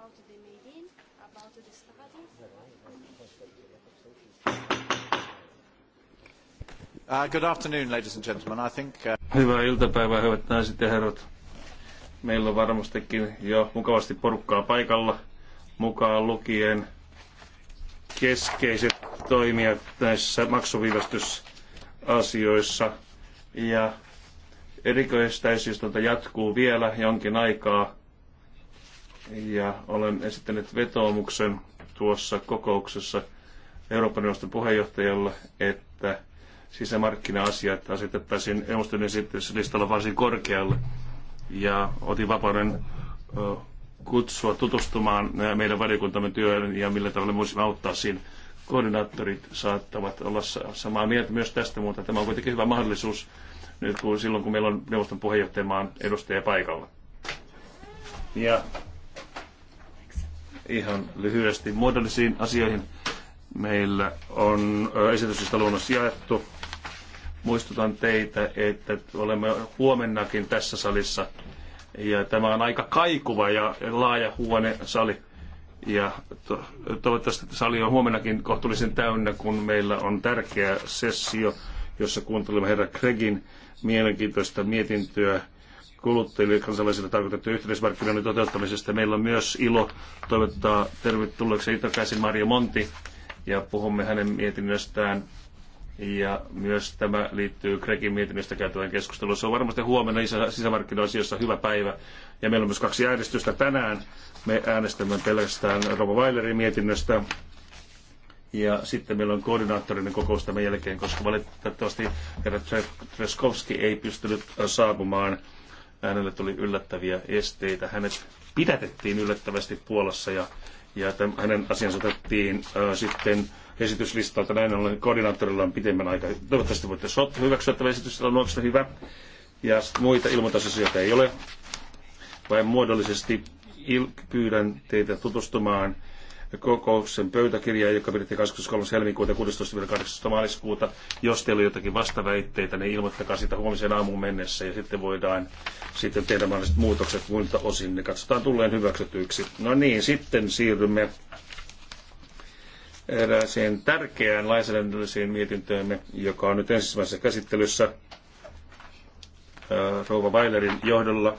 about the meeting, about the study. Uh, good afternoon, ladies and gentlemen. I think, uh... Hyvää iltapäivää, hyvät naiset ja herrat. Meillä on varmastikin jo mukavasti porukkaa paikalla, mukaan lukien keskeiset toimijat näissä maksuviivästysasioissa. Ja erikoistäisistunto jatkuu vielä jonkin aikaa ja olen esittänyt vetoomuksen tuossa kokouksessa Euroopan neuvoston puheenjohtajalle, että sisämarkkina-asiat asetettaisiin neuvoston listalla varsin korkealle. Ja otin vapauden kutsua tutustumaan meidän valiokuntamme työhön ja millä tavalla voisimme auttaa siinä. Koordinaattorit saattavat olla samaa mieltä myös tästä, mutta tämä on kuitenkin hyvä mahdollisuus nyt kun, silloin, kun meillä on neuvoston puheenjohtajamaan edustaja paikalla. Ja ihan lyhyesti muodollisiin asioihin. Meillä on esityksestä luonnos jaettu. Muistutan teitä, että olemme huomennakin tässä salissa. Ja tämä on aika kaikuva ja laaja huone sali. Ja to- toivottavasti sali on huomennakin kohtuullisen täynnä, kun meillä on tärkeä sessio, jossa kuuntelemme herra Kregin mielenkiintoista mietintöä kuluttajille ja kansalaisille tarkoitettu yhteismarkkinoiden toteuttamisesta. Meillä on myös ilo toivottaa tervetulleeksi Itokäisen Mario Monti ja puhumme hänen mietinnöstään. Ja myös tämä liittyy Grekin mietinnöstä käytävään keskusteluun. Se on varmasti huomenna sisämarkkinoasiassa hyvä päivä. Ja meillä on myös kaksi äänestystä tänään. Me äänestämme pelkästään Rova Weilerin mietinnöstä. Ja sitten meillä on koordinaattorinen kokous tämän jälkeen, koska valitettavasti herra Treskovski ei pystynyt saapumaan hänelle tuli yllättäviä esteitä. Hänet pidätettiin yllättävästi Puolassa ja, ja tämän, hänen asiansa otettiin ää, sitten esityslistalta. Näin ollen koordinaattorilla on pitemmän aikaa. Toivottavasti voitte hyväksyä tämä esitys, on oikeastaan hyvä. Ja muita ilmoitusasioita ei ole. Vain muodollisesti il- pyydän teitä tutustumaan kokouksen pöytäkirjaa, joka pidettiin 23. helmikuuta 16-18 maaliskuuta. Jos teillä on jotakin vastaväitteitä, niin ilmoittakaa sitä huomiseen aamuun mennessä ja sitten voidaan sitten tehdä mahdolliset muutokset muilta osin. Ne katsotaan tulleen hyväksytyiksi. No niin, sitten siirrymme erääseen tärkeään lainsäädännölliseen mietintöömme, joka on nyt ensimmäisessä käsittelyssä äh, rouva Weilerin johdolla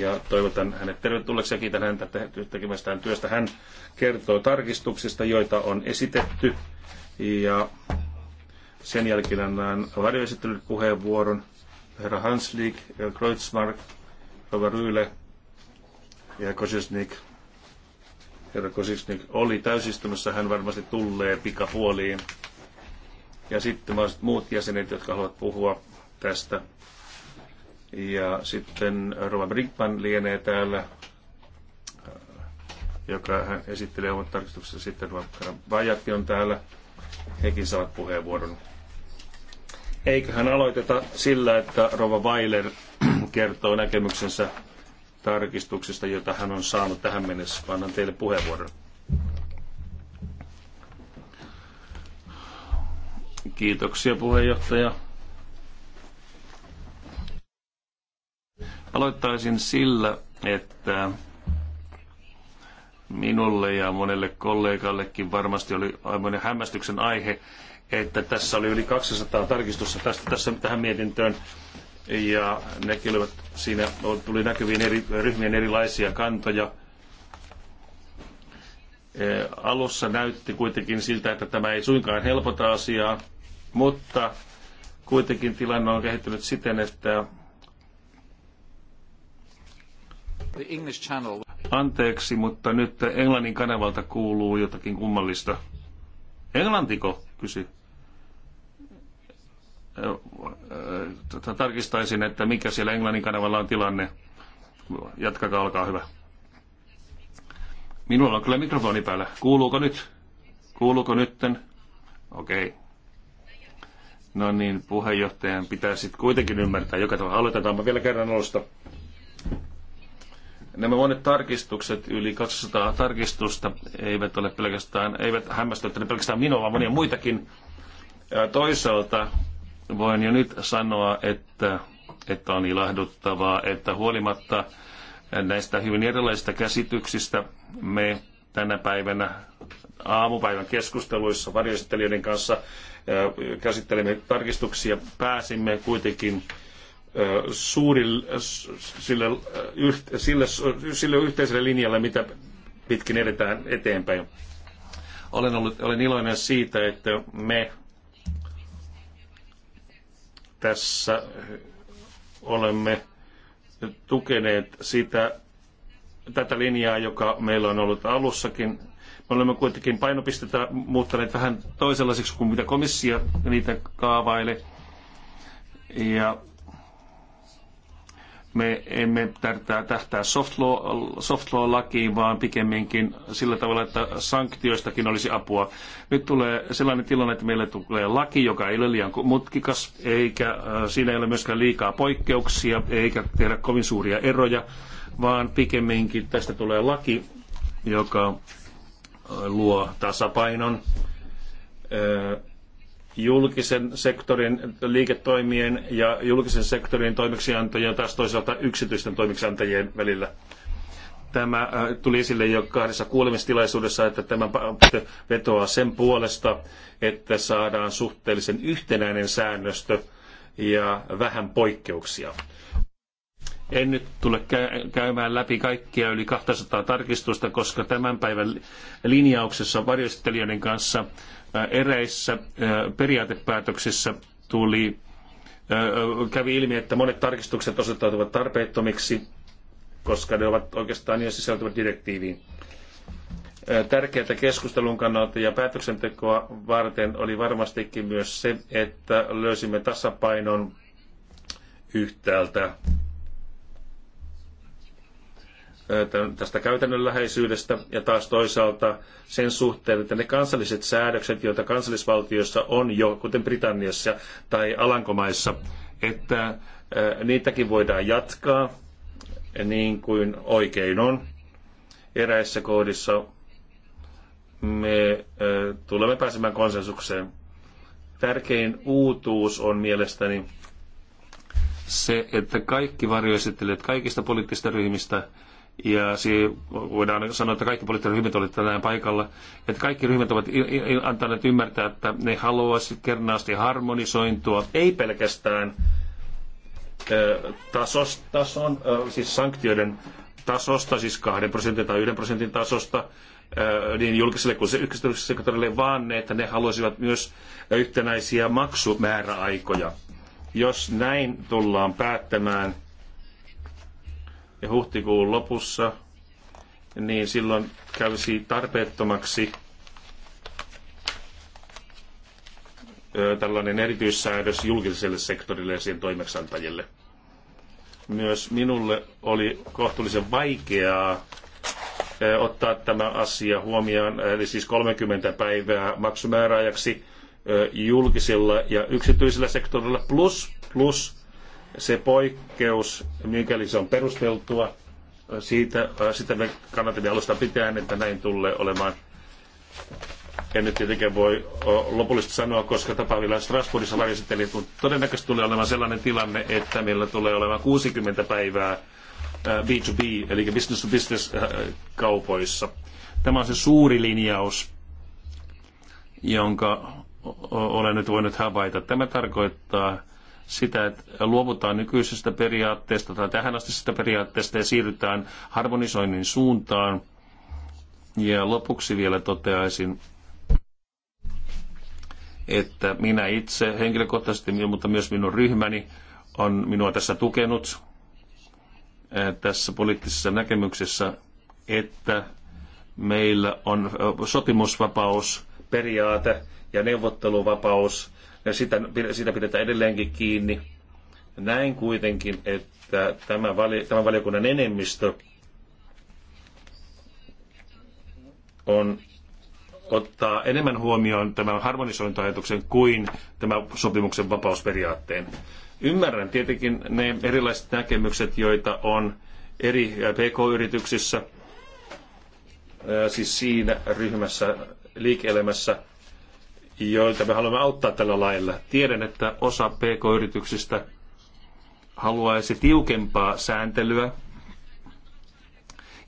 ja toivotan hänet tervetulleeksi ja kiitän häntä tekemästään työstä. Hän kertoo tarkistuksista, joita on esitetty ja sen jälkeen annan varjoesittelyt puheenvuoron herra Hanslik, Kreutzmark, Rova Ryyle ja Kosisnik. Herra Kosisnik oli täysistunnossa, hän varmasti tulee pikapuoliin. Ja sitten muut jäsenet, jotka haluavat puhua tästä ja sitten Rova Brinkman lienee täällä, joka hän esittelee omat tarkistuksensa. Sitten Rova Vajakki on täällä. Hekin saavat puheenvuoron. Eiköhän aloiteta sillä, että Rova Weiler kertoo näkemyksensä tarkistuksesta, jota hän on saanut tähän mennessä. Annan teille puheenvuoron. Kiitoksia puheenjohtaja. Aloittaisin sillä, että minulle ja monelle kollegallekin varmasti oli aivan hämmästyksen aihe, että tässä oli yli 200 tarkistusta tästä, tässä tähän mietintöön. Ja nekin olivat, siinä tuli näkyviin eri, ryhmien erilaisia kantoja. Alussa näytti kuitenkin siltä, että tämä ei suinkaan helpota asiaa, mutta kuitenkin tilanne on kehittynyt siten, että Anteeksi, mutta nyt Englannin kanavalta kuuluu jotakin kummallista. Englantiko, kysy. Tarkistaisin, että mikä siellä Englannin kanavalla on tilanne. Jatkakaa, olkaa hyvä. Minulla on kyllä mikrofoni päällä. Kuuluuko nyt? Kuuluuko nytten? Okei. Okay. No niin, puheenjohtajan pitää sitten kuitenkin ymmärtää joka tavalla. Aloitetaanpa vielä kerran alusta. Nämä monet tarkistukset, yli 200 tarkistusta, eivät ole pelkästään, eivät hämmästyttäneet pelkästään minua, vaan monia muitakin. Ja toisaalta voin jo nyt sanoa, että, että on ilahduttavaa, että huolimatta näistä hyvin erilaisista käsityksistä me tänä päivänä aamupäivän keskusteluissa varjoistelijoiden kanssa käsittelemme tarkistuksia. Pääsimme kuitenkin suurille, sille, sille, sille yhteiselle linjalle, mitä pitkin edetään eteenpäin. Olen, ollut, olen iloinen siitä, että me tässä olemme tukeneet sitä, tätä linjaa, joka meillä on ollut alussakin. Me olemme kuitenkin painopistettä muuttaneet vähän toisenlaiseksi kuin mitä komissio niitä kaavaili. Ja me emme tähtää soft, law, soft law lakiin, vaan pikemminkin sillä tavalla, että sanktioistakin olisi apua. Nyt tulee sellainen tilanne, että meille tulee laki, joka ei ole liian mutkikas, eikä äh, siinä ei ole myöskään liikaa poikkeuksia, eikä tehdä kovin suuria eroja, vaan pikemminkin tästä tulee laki, joka äh, luo tasapainon äh, julkisen sektorin liiketoimien ja julkisen sektorin toimeksiantojen ja taas toisaalta yksityisten toimeksiantajien välillä. Tämä äh, tuli esille jo kahdessa kuulemistilaisuudessa, että tämä vetoaa sen puolesta, että saadaan suhteellisen yhtenäinen säännöstö ja vähän poikkeuksia. En nyt tule käymään läpi kaikkia yli 200 tarkistusta, koska tämän päivän linjauksessa varjostelijoiden kanssa eräissä periaatepäätöksissä tuli, kävi ilmi, että monet tarkistukset osoittautuvat tarpeettomiksi, koska ne ovat oikeastaan jo sisältyvät direktiiviin. Tärkeää keskustelun kannalta ja päätöksentekoa varten oli varmastikin myös se, että löysimme tasapainon yhtäältä tästä käytännönläheisyydestä ja taas toisaalta sen suhteen, että ne kansalliset säädökset, joita kansallisvaltioissa on jo, kuten Britanniassa tai Alankomaissa, että niitäkin voidaan jatkaa niin kuin oikein on. Eräissä kohdissa me tulemme pääsemään konsensukseen. Tärkein uutuus on mielestäni se, että kaikki varjoesittelijät kaikista poliittisista ryhmistä – ja siihen voidaan sanoa, että kaikki poliittiset ryhmät olivat tänään paikalla, että kaikki ryhmät ovat antaneet ymmärtää, että ne haluaisivat kernaasti harmonisointua, ei pelkästään tasos, tason, siis sanktioiden tasosta, siis kahden prosentin tai yhden prosentin tasosta, niin julkiselle kuin yksityiselle sektorille, vaan ne, että ne haluaisivat myös yhtenäisiä maksumääräaikoja. Jos näin tullaan päättämään, ja huhtikuun lopussa, niin silloin kävisi tarpeettomaksi tällainen erityissäädös julkiselle sektorille ja sen toimeksiantajille. Myös minulle oli kohtuullisen vaikeaa ottaa tämä asia huomioon, eli siis 30 päivää maksumääräajaksi julkisella ja yksityisellä sektorilla plus, plus se poikkeus, mikäli se on perusteltua, siitä, sitä me kannatamme alusta pitäen, että näin tulee olemaan. En nyt tietenkään voi lopullisesti sanoa, koska tapaan Strasbourgissa varjosittelin, mutta todennäköisesti tulee olemaan sellainen tilanne, että meillä tulee olemaan 60 päivää B2B, eli business to business kaupoissa. Tämä on se suuri linjaus, jonka olen nyt voinut havaita. Tämä tarkoittaa sitä, että luovutaan nykyisestä periaatteesta tai tähän asti periaatteesta ja siirrytään harmonisoinnin suuntaan. Ja lopuksi vielä toteaisin, että minä itse henkilökohtaisesti, mutta myös minun ryhmäni on minua tässä tukenut eh, tässä poliittisessa näkemyksessä, että meillä on eh, sopimusvapaus, periaate ja neuvotteluvapaus ja sitä, sitä pidetään edelleenkin kiinni. Näin kuitenkin, että tämä, vali, tämän valiokunnan enemmistö on ottaa enemmän huomioon tämän harmonisointiajatuksen kuin tämän sopimuksen vapausperiaatteen. Ymmärrän tietenkin ne erilaiset näkemykset, joita on eri PK-yrityksissä, siis siinä ryhmässä liike-elämässä, joita me haluamme auttaa tällä lailla. Tiedän, että osa PK-yrityksistä haluaisi tiukempaa sääntelyä,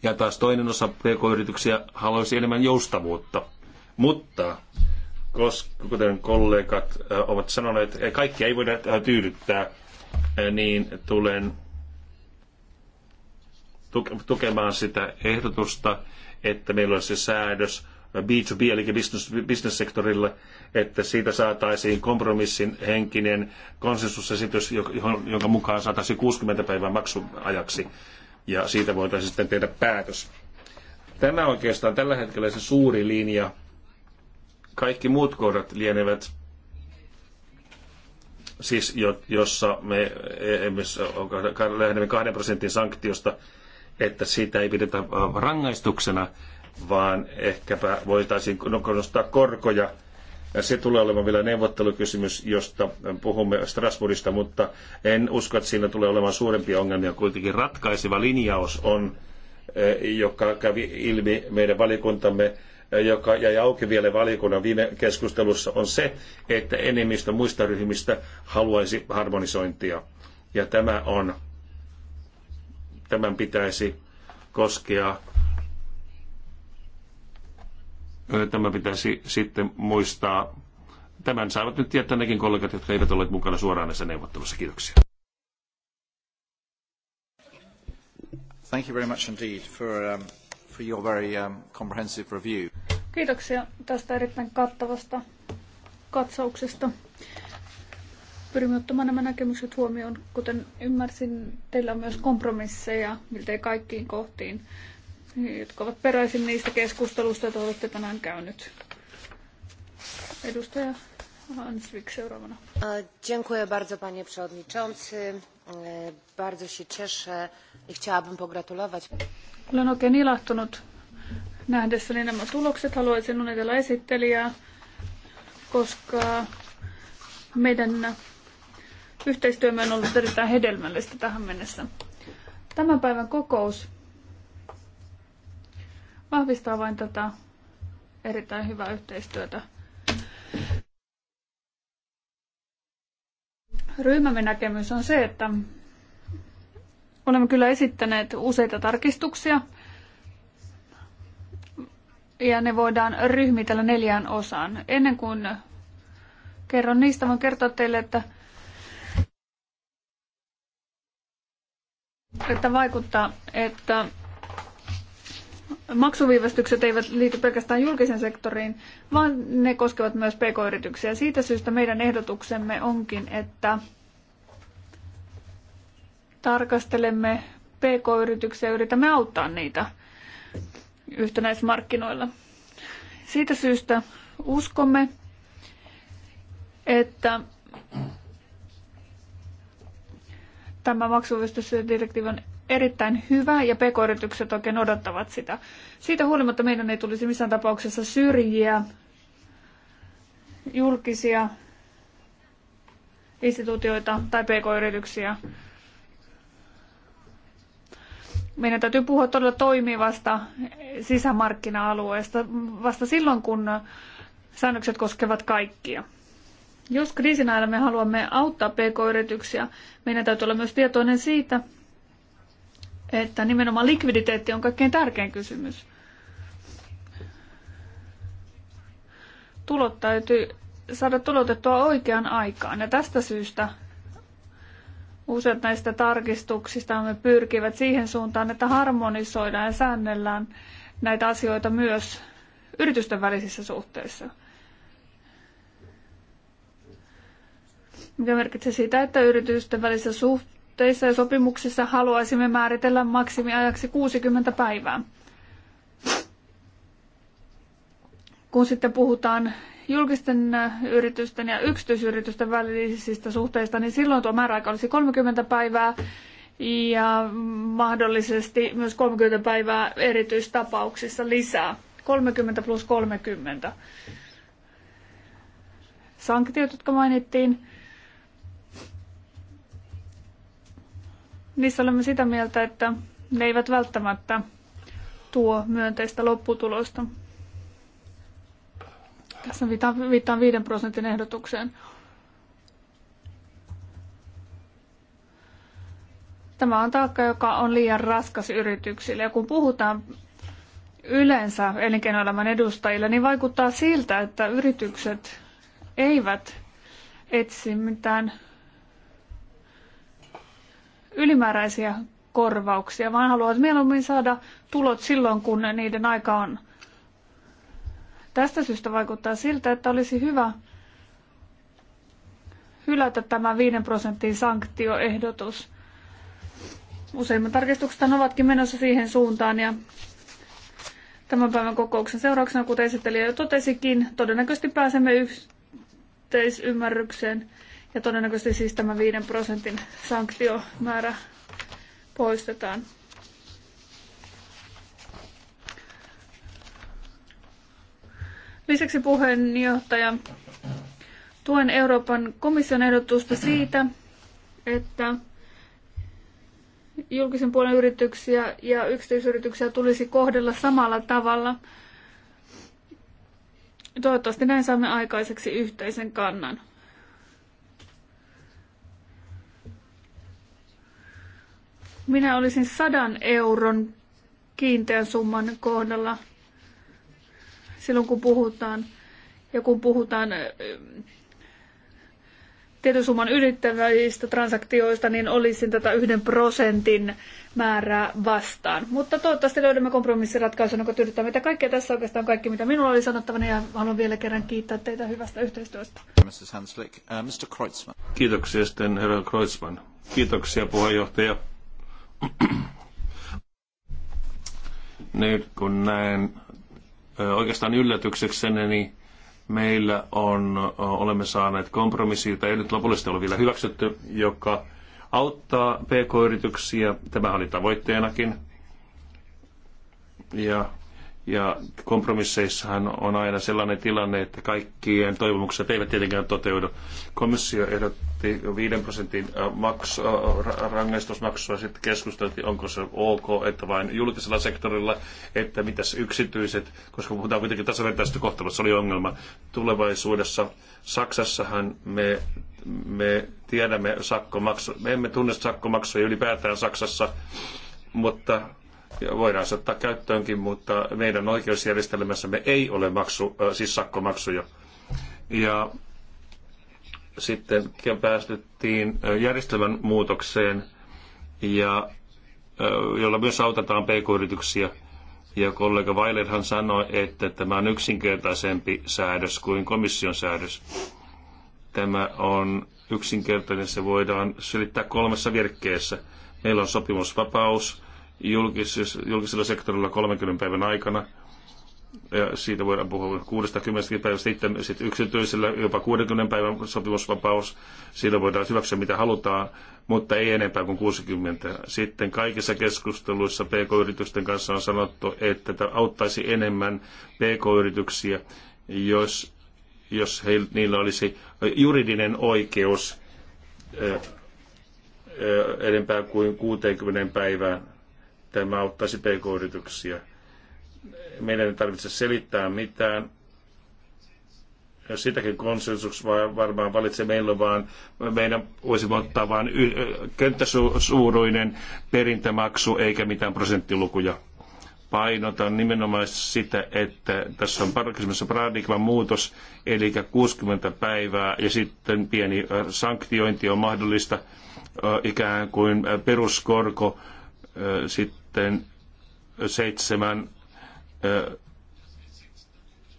ja taas toinen osa PK-yrityksiä haluaisi enemmän joustavuutta. Mutta, koska, kuten kollegat ovat sanoneet, että kaikkia ei voida tyydyttää, niin tulen tukemaan sitä ehdotusta, että meillä olisi säädös, B2B eli bisnessektorille, että siitä saataisiin kompromissin henkinen konsensusesitys, jonka mukaan saataisiin 60 päivää maksuajaksi ja siitä voitaisiin sitten tehdä päätös. Tämä oikeastaan tällä hetkellä se suuri linja. Kaikki muut kohdat lienevät siis jo, jossa me emme, lähdemme kahden prosentin sanktiosta, että siitä ei pidetä rangaistuksena, vaan ehkäpä voitaisiin nostaa no, korkoja. Se tulee olemaan vielä neuvottelukysymys, josta puhumme Strasbourgista, mutta en usko, että siinä tulee olemaan suurempia ongelmia. Kuitenkin ratkaiseva linjaus on, eh, joka kävi ilmi meidän valikuntamme eh, joka jäi auki vielä valiokunnan viime keskustelussa, on se, että enemmistö muista ryhmistä haluaisi harmonisointia. Ja tämä on, tämän pitäisi koskea Tämä pitäisi sitten muistaa. Tämän saavat nyt tietää nekin kollegat, jotka eivät ole mukana suoraan näissä neuvottelussa. Kiitoksia. Thank you very much indeed for, um, for your very um, comprehensive review. Kiitoksia tästä erittäin kattavasta katsauksesta. Pyrimme ottamaan nämä näkemykset huomioon. Kuten ymmärsin, teillä on myös kompromisseja miltei kaikkiin kohtiin jotka ovat peräisin niistä keskustelusta, joita olette tänään käynyt. Edustaja Hansvik seuraavana. Dziękuję bardzo panie przewodniczący. E, bardzo się cieszę i chciałabym pogratulować. Olen oikein ilahtunut nähdessäni nämä tulokset. Haluaisin onnitella esittelijää, koska meidän yhteistyömme on ollut erittäin hedelmällistä tähän mennessä. Tämän päivän kokous vahvistaa vain tätä erittäin hyvää yhteistyötä. Ryhmämme näkemys on se, että olemme kyllä esittäneet useita tarkistuksia ja ne voidaan ryhmitellä neljään osaan. Ennen kuin kerron niistä, voin kertoa teille, että, että vaikuttaa, että maksuviivästykset eivät liity pelkästään julkisen sektoriin, vaan ne koskevat myös pk-yrityksiä. Siitä syystä meidän ehdotuksemme onkin, että tarkastelemme pk-yrityksiä ja yritämme auttaa niitä yhtenäismarkkinoilla. Siitä syystä uskomme, että tämä maksuviestysdirektiivi on erittäin hyvä ja pk-yritykset oikein odottavat sitä. Siitä huolimatta meidän ei tulisi missään tapauksessa syrjiä julkisia instituutioita tai pk-yrityksiä. Meidän täytyy puhua todella toimivasta sisämarkkina-alueesta vasta silloin, kun säännökset koskevat kaikkia. Jos kriisin ajalla me haluamme auttaa pk-yrityksiä, meidän täytyy olla myös tietoinen siitä, että nimenomaan likviditeetti on kaikkein tärkein kysymys. Tulot täytyy saada tulotettua oikeaan aikaan ja tästä syystä useat näistä tarkistuksista me pyrkivät siihen suuntaan, että harmonisoidaan ja säännellään näitä asioita myös yritysten välisissä suhteissa. Mikä merkitsee sitä, että yritysten välisissä suhteissa puitteissa ja sopimuksissa haluaisimme määritellä maksimiajaksi 60 päivää. Kun sitten puhutaan julkisten yritysten ja yksityisyritysten välisistä suhteista, niin silloin tuo määräaika olisi 30 päivää ja mahdollisesti myös 30 päivää erityistapauksissa lisää. 30 plus 30. Sanktiot, jotka mainittiin, Niissä olemme sitä mieltä, että ne eivät välttämättä tuo myönteistä lopputulosta. Tässä viittaan, viittaan 5 prosentin ehdotukseen. Tämä on taakka, joka on liian raskas yrityksille. Ja kun puhutaan yleensä elinkeinoelämän edustajille, niin vaikuttaa siltä, että yritykset eivät etsi mitään ylimääräisiä korvauksia, vaan haluavat mieluummin saada tulot silloin, kun niiden aika on. Tästä syystä vaikuttaa siltä, että olisi hyvä hylätä tämä 5 prosentin sanktioehdotus. Useimmat tarkistukset ovatkin menossa siihen suuntaan ja tämän päivän kokouksen seurauksena, kuten esittelijä jo totesikin, todennäköisesti pääsemme yhteisymmärrykseen ja todennäköisesti siis tämä 5 prosentin sanktiomäärä poistetaan. Lisäksi puheenjohtaja, tuen Euroopan komission ehdotusta siitä, että julkisen puolen yrityksiä ja yksityisyrityksiä tulisi kohdella samalla tavalla. Toivottavasti näin saamme aikaiseksi yhteisen kannan. minä olisin sadan euron kiinteän summan kohdalla silloin, kun puhutaan ja kun puhutaan tietyn summan ylittävistä transaktioista, niin olisin tätä yhden prosentin määrää vastaan. Mutta toivottavasti löydämme kompromissiratkaisun, joka tyydyttää meitä kaikkea. Tässä oikeastaan kaikki, mitä minulla oli sanottavana, ja haluan vielä kerran kiittää teitä hyvästä yhteistyöstä. Mrs. Hanslick. Uh, Mr. Kreutzmann. Kiitoksia sitten herra Kreutzmann. Kiitoksia puheenjohtaja nyt kun näen oikeastaan yllätyksekseni, niin meillä on, olemme saaneet kompromissi, jota ei nyt lopullisesti ole vielä hyväksytty, joka auttaa pk-yrityksiä. Tämä oli tavoitteenakin. Ja ja kompromisseissahan on aina sellainen tilanne, että kaikkien toivomukset eivät tietenkään toteudu. Komissio ehdotti 5 prosentin äh, maksu, äh, rangaistusmaksua, sitten keskusteltiin, onko se ok, että vain julkisella sektorilla, että mitäs yksityiset, koska puhutaan kuitenkin tasavertaisesta kohtelusta, se oli ongelma. Tulevaisuudessa Saksassahan me, me tiedämme sakkomaksu, me emme tunne sakkomaksuja ylipäätään Saksassa, mutta voidaan se ottaa käyttöönkin, mutta meidän oikeusjärjestelmässämme ei ole maksu, siis sakkomaksuja. Ja sitten päästettiin järjestelmän muutokseen, ja, jolla myös autetaan pk-yrityksiä. Ja kollega Weilerhan sanoi, että tämä on yksinkertaisempi säädös kuin komission säädös. Tämä on yksinkertainen, se voidaan selittää kolmessa virkkeessä. Meillä on sopimusvapaus, julkis, julkisella sektorilla 30 päivän aikana. Ja siitä voidaan puhua 60 päivästä sitten, sitten yksityisellä jopa 60 päivän sopimusvapaus. Siitä voidaan hyväksyä mitä halutaan, mutta ei enempää kuin 60. Sitten kaikissa keskusteluissa PK-yritysten kanssa on sanottu, että tämä auttaisi enemmän PK-yrityksiä, jos, jos he, niillä olisi juridinen oikeus enempää kuin 60 päivään tämä auttaisi pk-yrityksiä. Meidän ei tarvitse selittää mitään. Ja sitäkin konsensus varmaan valitsee meillä, vaan meidän voisi ottaa vain könttäsuuruinen perintämaksu eikä mitään prosenttilukuja painotan nimenomaan sitä, että tässä on kysymys paradigman muutos, eli 60 päivää ja sitten pieni sanktiointi on mahdollista, ikään kuin peruskorko, sit sitten seitsemän.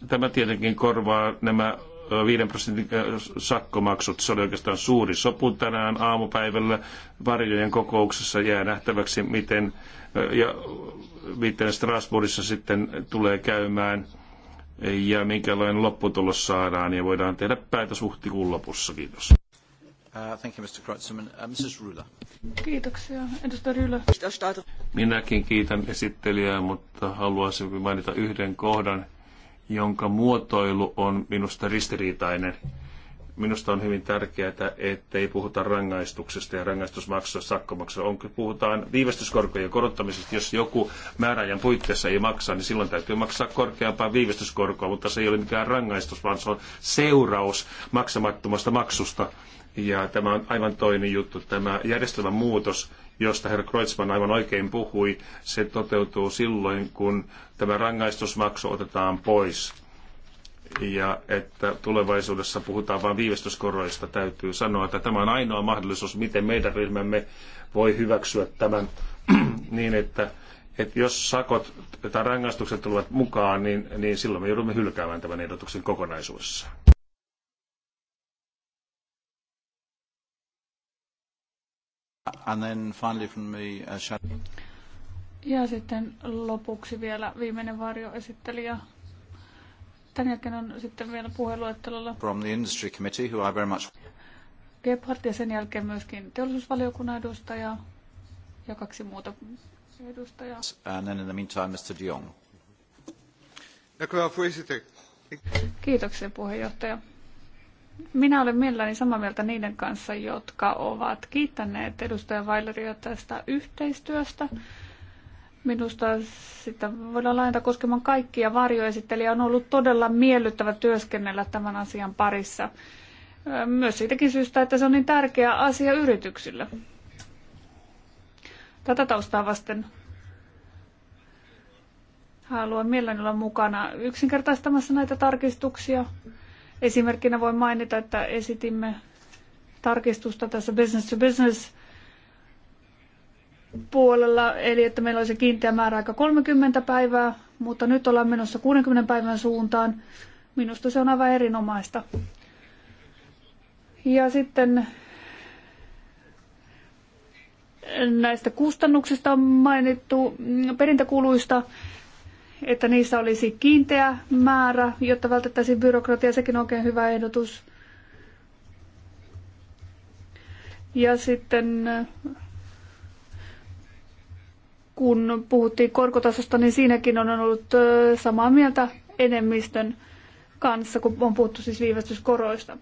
Tämä tietenkin korvaa nämä 5 prosentin sakkomaksut. Se oli oikeastaan suuri sopu tänään aamupäivällä varjojen kokouksessa. Jää nähtäväksi, miten, ja, miten Strasbourgissa sitten tulee käymään ja minkälainen lopputulos saadaan. Ja voidaan tehdä päätös huhtikuun lopussa. Kiitos. Uh, thank you, Mr. Kreutzmann. Uh, Mrs. Kiitoksia, edustaja Rula. Minäkin kiitän esittelijää, mutta haluaisin mainita yhden kohdan, jonka muotoilu on minusta ristiriitainen. Minusta on hyvin tärkeää, ettei puhuta rangaistuksesta ja rangaistusmaksusta, sakkomaksusta. Onko puhutaan viivästyskorkojen korottamisesta. Jos joku määräajan puitteissa ei maksa, niin silloin täytyy maksaa korkeampaa viivästyskorkoa, mutta se ei ole mikään rangaistus, vaan se on seuraus maksamattomasta maksusta. Ja tämä on aivan toinen juttu, tämä järjestelmän muutos, josta herra Kreutzmann aivan oikein puhui, se toteutuu silloin, kun tämä rangaistusmaksu otetaan pois. Ja että tulevaisuudessa puhutaan vain viivästyskoroista, täytyy sanoa, että tämä on ainoa mahdollisuus, miten meidän ryhmämme voi hyväksyä tämän niin, että, että jos sakot tai rangaistukset tulevat mukaan, niin, niin silloin me joudumme hylkäämään tämän ehdotuksen kokonaisuudessaan. And then finally from me, uh, ja sitten lopuksi vielä viimeinen varjoesittelijä. Tämän jälkeen on sitten vielä puheluettelolla. From the industry committee, who I very much... Gebhardt ja sen jälkeen myöskin teollisuusvaliokunnan edustaja ja kaksi muuta edustajaa. And then in the meantime, Mr. De Jong. Kiitoksia puheenjohtaja. Minä olen mielelläni samaa mieltä niiden kanssa, jotka ovat kiittäneet edustaja Vaileria tästä yhteistyöstä. Minusta sitä voidaan laajenta koskemaan kaikkia. Varjoesittelijä on ollut todella miellyttävä työskennellä tämän asian parissa. Myös siitäkin syystä, että se on niin tärkeä asia yrityksille. Tätä taustaa vasten haluan mielelläni olla mukana yksinkertaistamassa näitä tarkistuksia Esimerkkinä voi mainita, että esitimme tarkistusta tässä business to business puolella, eli että meillä olisi kiinteä määräaika 30 päivää, mutta nyt ollaan menossa 60 päivän suuntaan. Minusta se on aivan erinomaista. Ja sitten näistä kustannuksista on mainittu mm, perintäkuluista että niissä olisi kiinteä määrä, jotta vältettäisiin byrokratia. Sekin on oikein hyvä ehdotus. Ja sitten kun puhuttiin korkotasosta, niin siinäkin on ollut samaa mieltä enemmistön kanssa, kun on puhuttu siis viivästyskoroista.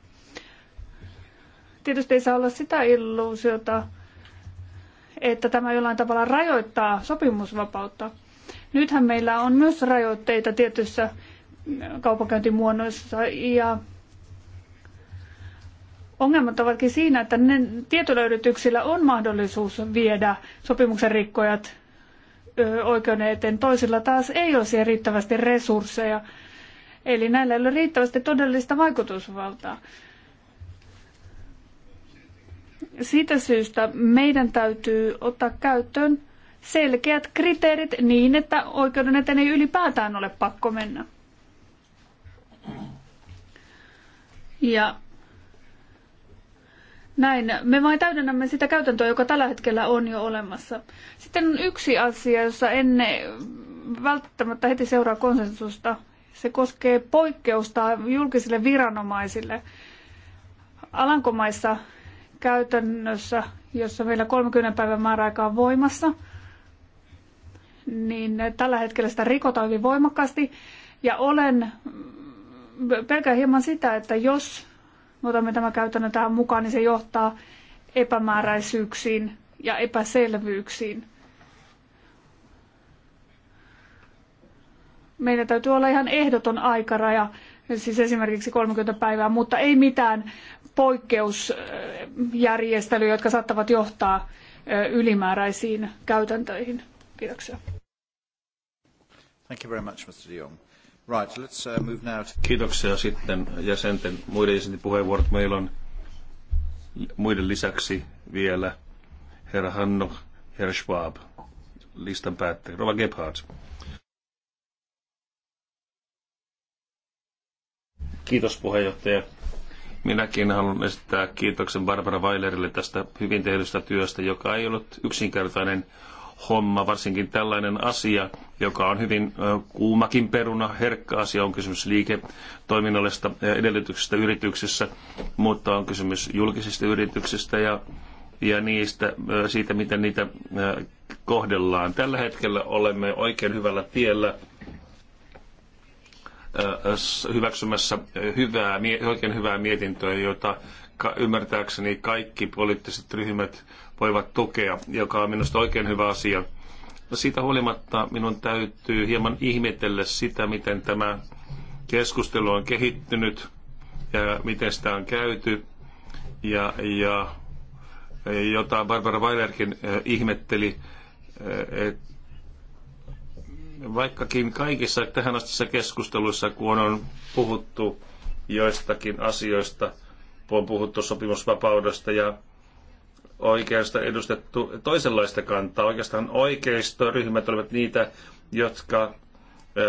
Tietysti ei saa olla sitä illuusiota, että tämä jollain tavalla rajoittaa sopimusvapautta. Nythän meillä on myös rajoitteita tietyissä kaupankäyntimuodoissa ja ongelmat ovatkin siinä, että ne tietyillä yrityksillä on mahdollisuus viedä sopimuksen rikkojat oikeuden eteen. Toisilla taas ei ole siihen riittävästi resursseja. Eli näillä ei ole riittävästi todellista vaikutusvaltaa. Siitä syystä meidän täytyy ottaa käyttöön selkeät kriteerit niin, että oikeuden eteen ei ylipäätään ole pakko mennä. Ja näin. Me vain täydennämme sitä käytäntöä, joka tällä hetkellä on jo olemassa. Sitten on yksi asia, jossa enne välttämättä heti seuraa konsensusta. Se koskee poikkeusta julkisille viranomaisille. Alankomaissa käytännössä, jossa meillä 30 päivän määräaika on voimassa – niin tällä hetkellä sitä rikotaan hyvin voimakkaasti. Ja olen pelkään hieman sitä, että jos otamme tämän käytännön tähän mukaan, niin se johtaa epämääräisyyksiin ja epäselvyyksiin. Meillä täytyy olla ihan ehdoton aikaraja, siis esimerkiksi 30 päivää, mutta ei mitään poikkeusjärjestelyjä, jotka saattavat johtaa ylimääräisiin käytäntöihin. Kiitoksia. Thank you very much, Mr. Right, let's uh, move now to... Kiitoksia sitten jäsenten, muiden jäsenten puheenvuorot. Meillä on muiden lisäksi vielä herra Hanno, herra Schwab, listan päättäjä. Rova Gebhardt. Kiitos puheenjohtaja. Minäkin haluan esittää kiitoksen Barbara Weilerille tästä hyvin tehdystä työstä, joka ei ollut yksinkertainen, homma, varsinkin tällainen asia, joka on hyvin kuumakin peruna, herkkä asia, on kysymys liiketoiminnallisista edellytyksistä yrityksissä, mutta on kysymys julkisista yrityksistä ja, ja niistä, siitä, miten niitä kohdellaan. Tällä hetkellä olemme oikein hyvällä tiellä hyväksymässä hyvää, oikein hyvää mietintöä, jota ymmärtääkseni kaikki poliittiset ryhmät voivat tukea, joka on minusta oikein hyvä asia. No siitä huolimatta minun täytyy hieman ihmetellä sitä, miten tämä keskustelu on kehittynyt ja miten sitä on käyty. Ja, ja jota Barbara Weilerkin eh, ihmetteli, eh, että vaikkakin kaikissa tähän asti keskusteluissa, kun on puhuttu joistakin asioista, on puhuttu sopimusvapaudesta ja oikeasta edustettu toisenlaista kantaa. Oikeastaan oikeistoryhmät olivat niitä, jotka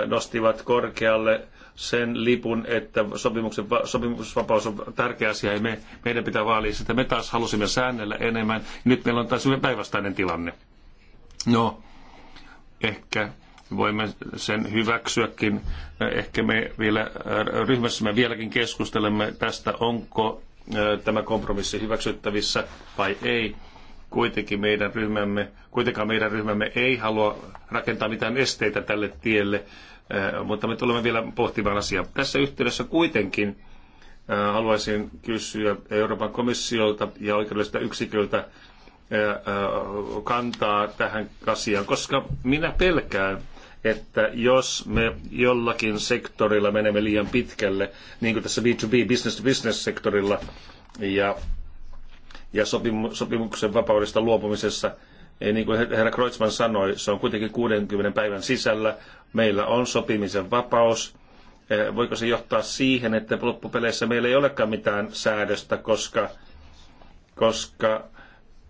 nostivat korkealle sen lipun, että sopimuksen, sopimusvapaus on tärkeä asia ja me, meidän pitää vaalia sitä. Me taas halusimme säännellä enemmän. Nyt meillä on taas hyvin päinvastainen tilanne. No, ehkä voimme sen hyväksyäkin. Ehkä me vielä ryhmässämme vieläkin keskustelemme tästä, onko tämä kompromissi hyväksyttävissä vai ei. Kuitenkin meidän ryhmämme, kuitenkaan meidän ryhmämme ei halua rakentaa mitään esteitä tälle tielle, mutta me tulemme vielä pohtimaan asiaa. Tässä yhteydessä kuitenkin haluaisin kysyä Euroopan komissiolta ja oikeudelliselta yksiköltä kantaa tähän asiaan, koska minä pelkään, että jos me jollakin sektorilla menemme liian pitkälle, niin kuin tässä B2B, business-to-business-sektorilla ja, ja sopimu, sopimuksen vapaudesta luopumisessa, niin kuin herra Kreutzmann sanoi, se on kuitenkin 60 päivän sisällä. Meillä on sopimisen vapaus. Eh, voiko se johtaa siihen, että loppupeleissä meillä ei olekaan mitään säädöstä, koska, koska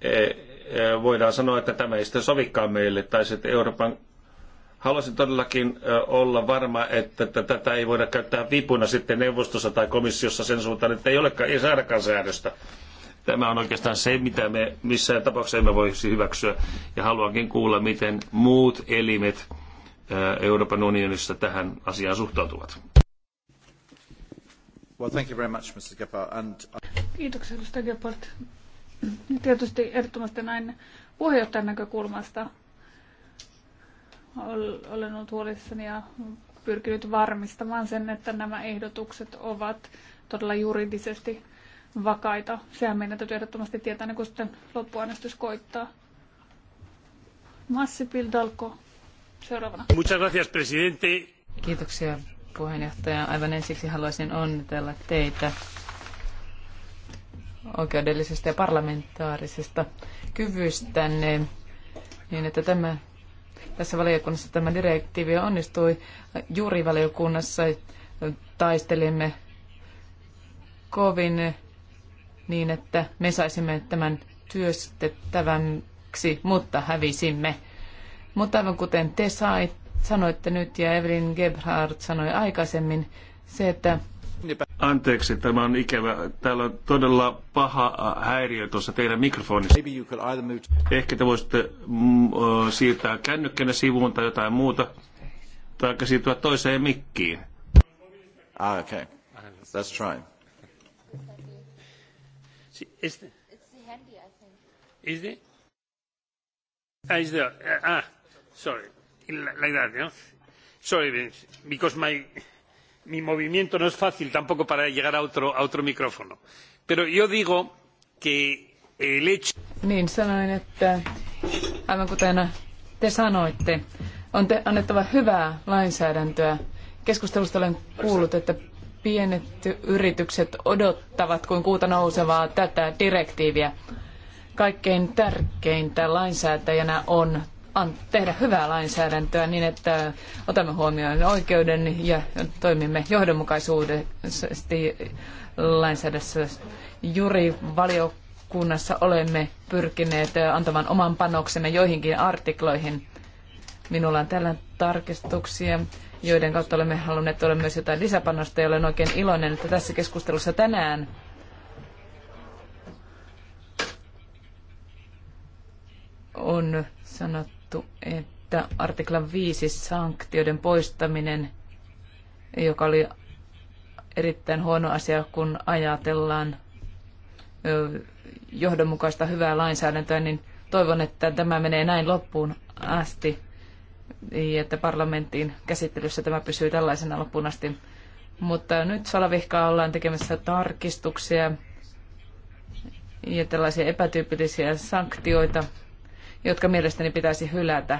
eh, eh, voidaan sanoa, että tämä ei sitten sovikaan meille, tai sitten Euroopan Haluaisin todellakin olla varma, että tätä ei voida käyttää vipuna sitten neuvostossa tai komissiossa sen suuntaan, että ei olekaan, ei saadakaan säädöstä. Tämä on oikeastaan se, mitä me missään tapauksessa emme voisi hyväksyä. Ja haluankin kuulla, miten muut elimet Euroopan unionissa tähän asiaan suhtautuvat. Well, thank you very much, Mr. And... Uh, Kiitoksia, Mr. Gephardt. Tietysti ehdottomasti näin puheenjohtajan näkökulmasta olen ollut huolissani ja pyrkinyt varmistamaan sen, että nämä ehdotukset ovat todella juridisesti vakaita. Sehän meidän täytyy ehdottomasti tietää, niin kun sitten loppuäänestys koittaa. Massi Pildalko, seuraavana. Muchas gracias, presidente. Kiitoksia, puheenjohtaja. Aivan ensiksi haluaisin onnitella teitä oikeudellisesta ja parlamentaarisesta kyvystänne, niin että tämä tässä valiokunnassa tämä direktiivi onnistui. Juurivaliokunnassa taistelimme kovin niin, että me saisimme tämän työstettäväksi, mutta hävisimme. Mutta aivan kuten te sait, sanoitte nyt ja Evelyn Gebhardt sanoi aikaisemmin, se, että Anteeksi, tämä on ikävä. Täällä on todella paha häiriö tuossa teidän mikrofonissa. Ehkä te voisitte mm, siirtää kännykkänä sivuun tai jotain muuta, tai siirtyä toiseen mikkiin. Ah, okay. Let's try. Is the, it's the handy, I think. Is the, ah, is the, ah, sorry, like that, no? Sorry, because my mi movimiento no es fácil tampoco para llegar a otro, micrófono. Pero yo digo que el hecho... Niin sanoin, että aivan kuten te sanoitte, on te annettava hyvää lainsäädäntöä. Keskustelusta olen kuullut, että pienet yritykset odottavat kuin kuuta nousevaa tätä direktiiviä. Kaikkein tärkeintä lainsäätäjänä on tehdä hyvää lainsäädäntöä niin, että otamme huomioon oikeuden ja toimimme johdonmukaisuudesti lainsäädännössä. Juri valiokunnassa olemme pyrkineet antamaan oman panoksemme joihinkin artikloihin. Minulla on tällä tarkistuksia, joiden kautta olemme halunneet tuoda myös jotain lisäpanosta ja olen oikein iloinen, että tässä keskustelussa tänään on sanottu, todettu, että artiklan 5 sanktioiden poistaminen, joka oli erittäin huono asia, kun ajatellaan johdonmukaista hyvää lainsäädäntöä, niin toivon, että tämä menee näin loppuun asti ja että parlamenttiin käsittelyssä tämä pysyy tällaisena loppuun asti. Mutta nyt salavihkaa ollaan tekemässä tarkistuksia ja tällaisia epätyypillisiä sanktioita jotka mielestäni pitäisi hylätä.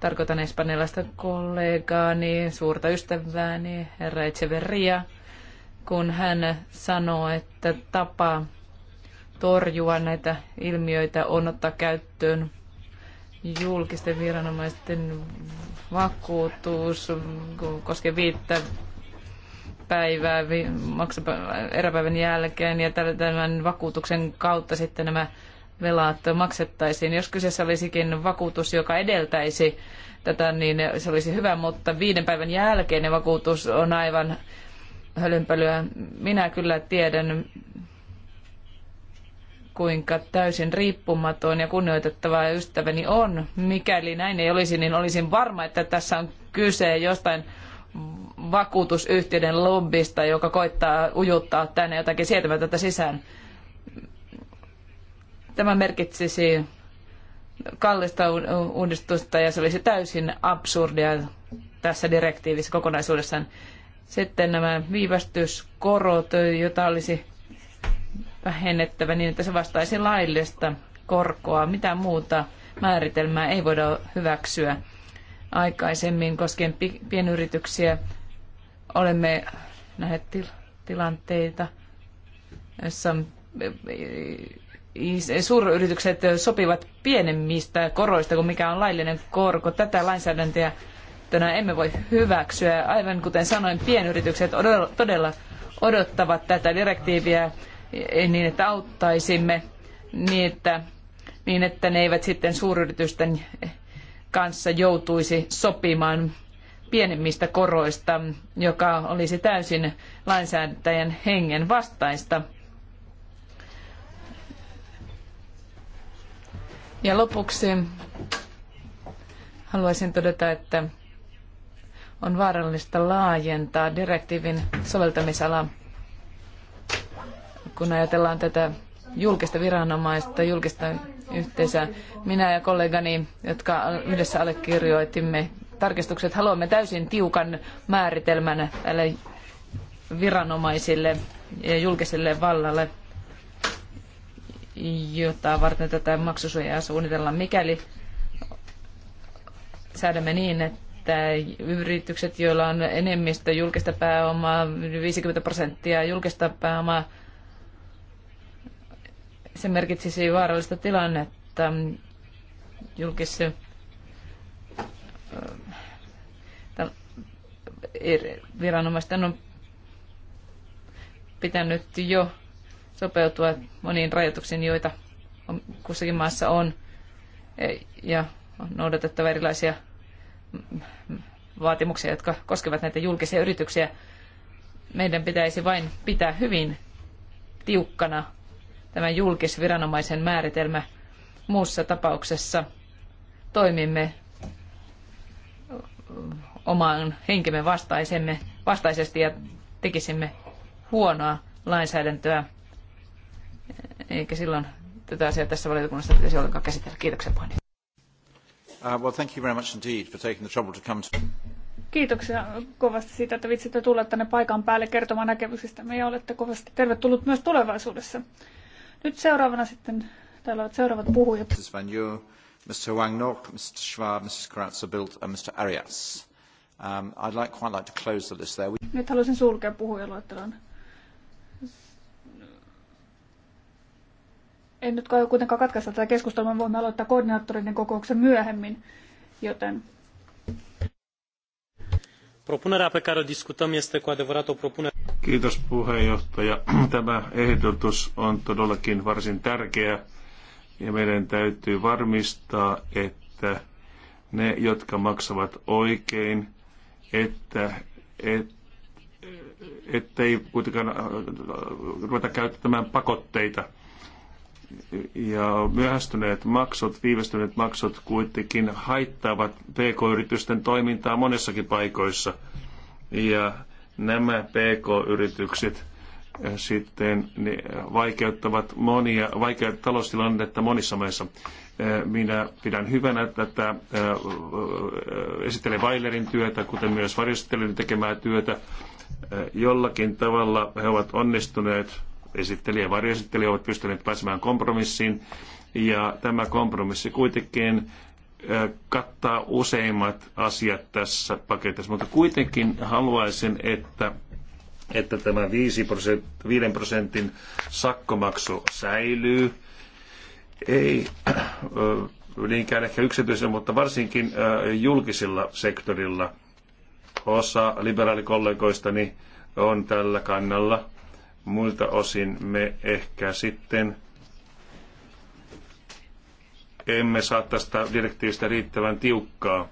Tarkoitan espanjalaista kollegaani, suurta ystävääni, herra Echeverria, kun hän sanoo, että tapa torjua näitä ilmiöitä on ottaa käyttöön julkisten viranomaisten vakuutus koske viittä päivää vi, eräpäivän jälkeen ja tämän vakuutuksen kautta sitten nämä velat maksettaisiin. Jos kyseessä olisikin vakuutus, joka edeltäisi tätä, niin se olisi hyvä, mutta viiden päivän jälkeen ne vakuutus on aivan hölynpölyä. Minä kyllä tiedän, kuinka täysin riippumaton ja kunnioitettava ystäväni on. Mikäli näin ei olisi, niin olisin varma, että tässä on kyse jostain vakuutusyhtiöiden lobbista, joka koittaa ujuttaa tänne jotakin sietämätöntä sisään. Tämä merkitsisi kallista uudistusta ja se olisi täysin absurdia tässä direktiivissä kokonaisuudessaan. Sitten nämä viivästyskorot, joita olisi vähennettävä niin, että se vastaisi laillista korkoa. Mitä muuta määritelmää ei voida hyväksyä aikaisemmin koskien pienyrityksiä. Olemme nähneet tilanteita, joissa suuryritykset sopivat pienemmistä koroista kuin mikä on laillinen korko. Tätä lainsäädäntöä emme voi hyväksyä. Aivan kuten sanoin, pienyritykset todella odottavat tätä direktiiviä e, niin, että auttaisimme niin, että, niin että ne eivät sitten suuryritysten kanssa joutuisi sopimaan pienemmistä koroista, joka olisi täysin lainsäätäjän hengen vastaista. Ja lopuksi haluaisin todeta, että on vaarallista laajentaa direktiivin soveltamisalaa, kun ajatellaan tätä julkista viranomaista, julkista yhteisöä. Minä ja kollegani, jotka yhdessä allekirjoitimme tarkistukset, haluamme täysin tiukan määritelmän tälle viranomaisille ja julkiselle vallalle – jota varten tätä maksusuojaa suunnitellaan. Mikäli säädämme niin, että yritykset, joilla on enemmistö julkista pääomaa, 50 prosenttia julkista pääomaa, se merkitsisi vaarallista tilannetta julkisessa äh, er- viranomaisten on pitänyt jo sopeutua moniin rajoituksiin, joita kussakin maassa on, e, ja on noudatettava erilaisia vaatimuksia, jotka koskevat näitä julkisia yrityksiä. Meidän pitäisi vain pitää hyvin tiukkana tämän julkisviranomaisen määritelmä. Muussa tapauksessa toimimme omaan henkemme vastaisemme, vastaisesti ja tekisimme huonoa lainsäädäntöä eikä silloin tätä asiaa tässä valiokunnassa pitäisi ollenkaan käsitellä. Kiitoksia puhemies. Uh, well, thank you very much indeed for taking the trouble to come to... Kiitoksia kovasti siitä, että vitsitte tulla tänne paikan päälle kertomaan näkemyksistä. Me olette kovasti tervetullut myös tulevaisuudessa. Nyt seuraavana sitten täällä ovat seuraavat puhujat. Mrs. Van Yu, Mr. Wang Nok, Mr. Schwab, Mrs. bilt ja Mr. Arias. Um, I'd like, quite like to close the list there. We... Nyt haluaisin sulkea puhujaluettelon en nyt kuitenkaan katkaista tätä keskustelua, voimme aloittaa koordinaattoreiden kokouksen myöhemmin, joten... Propunerea pe care o discutăm este cu adevărat o propunere. Kiitos puheenjohtaja. Tämä ehdotus on todellakin varsin tärkeä ja meidän täytyy varmistaa, että ne, jotka maksavat oikein, että, et, ettei kuitenkaan äh, ruveta käyttämään pakotteita ja myöhästyneet maksut, viivästyneet maksut kuitenkin haittaavat pk-yritysten toimintaa monessakin paikoissa. Ja nämä pk-yritykset eh, sitten vaikeuttavat monia, vaikea taloustilannetta monissa maissa. Eh, minä pidän hyvänä tätä eh, esittelen Vailerin työtä, kuten myös varjostelijoiden tekemää työtä. Jollakin tavalla he ovat onnistuneet esitteli ja varjoesitteli ovat pystyneet pääsemään kompromissiin. Ja tämä kompromissi kuitenkin kattaa useimmat asiat tässä paketissa, mutta kuitenkin haluaisin, että, että tämä 5 prosentin, 5 prosentin sakkomaksu säilyy. Ei niinkään ehkä yksityisen, mutta varsinkin julkisilla sektorilla. Osa liberaalikollegoistani on tällä kannalla Muilta osin me ehkä sitten emme saa tästä direktiivistä riittävän tiukkaa.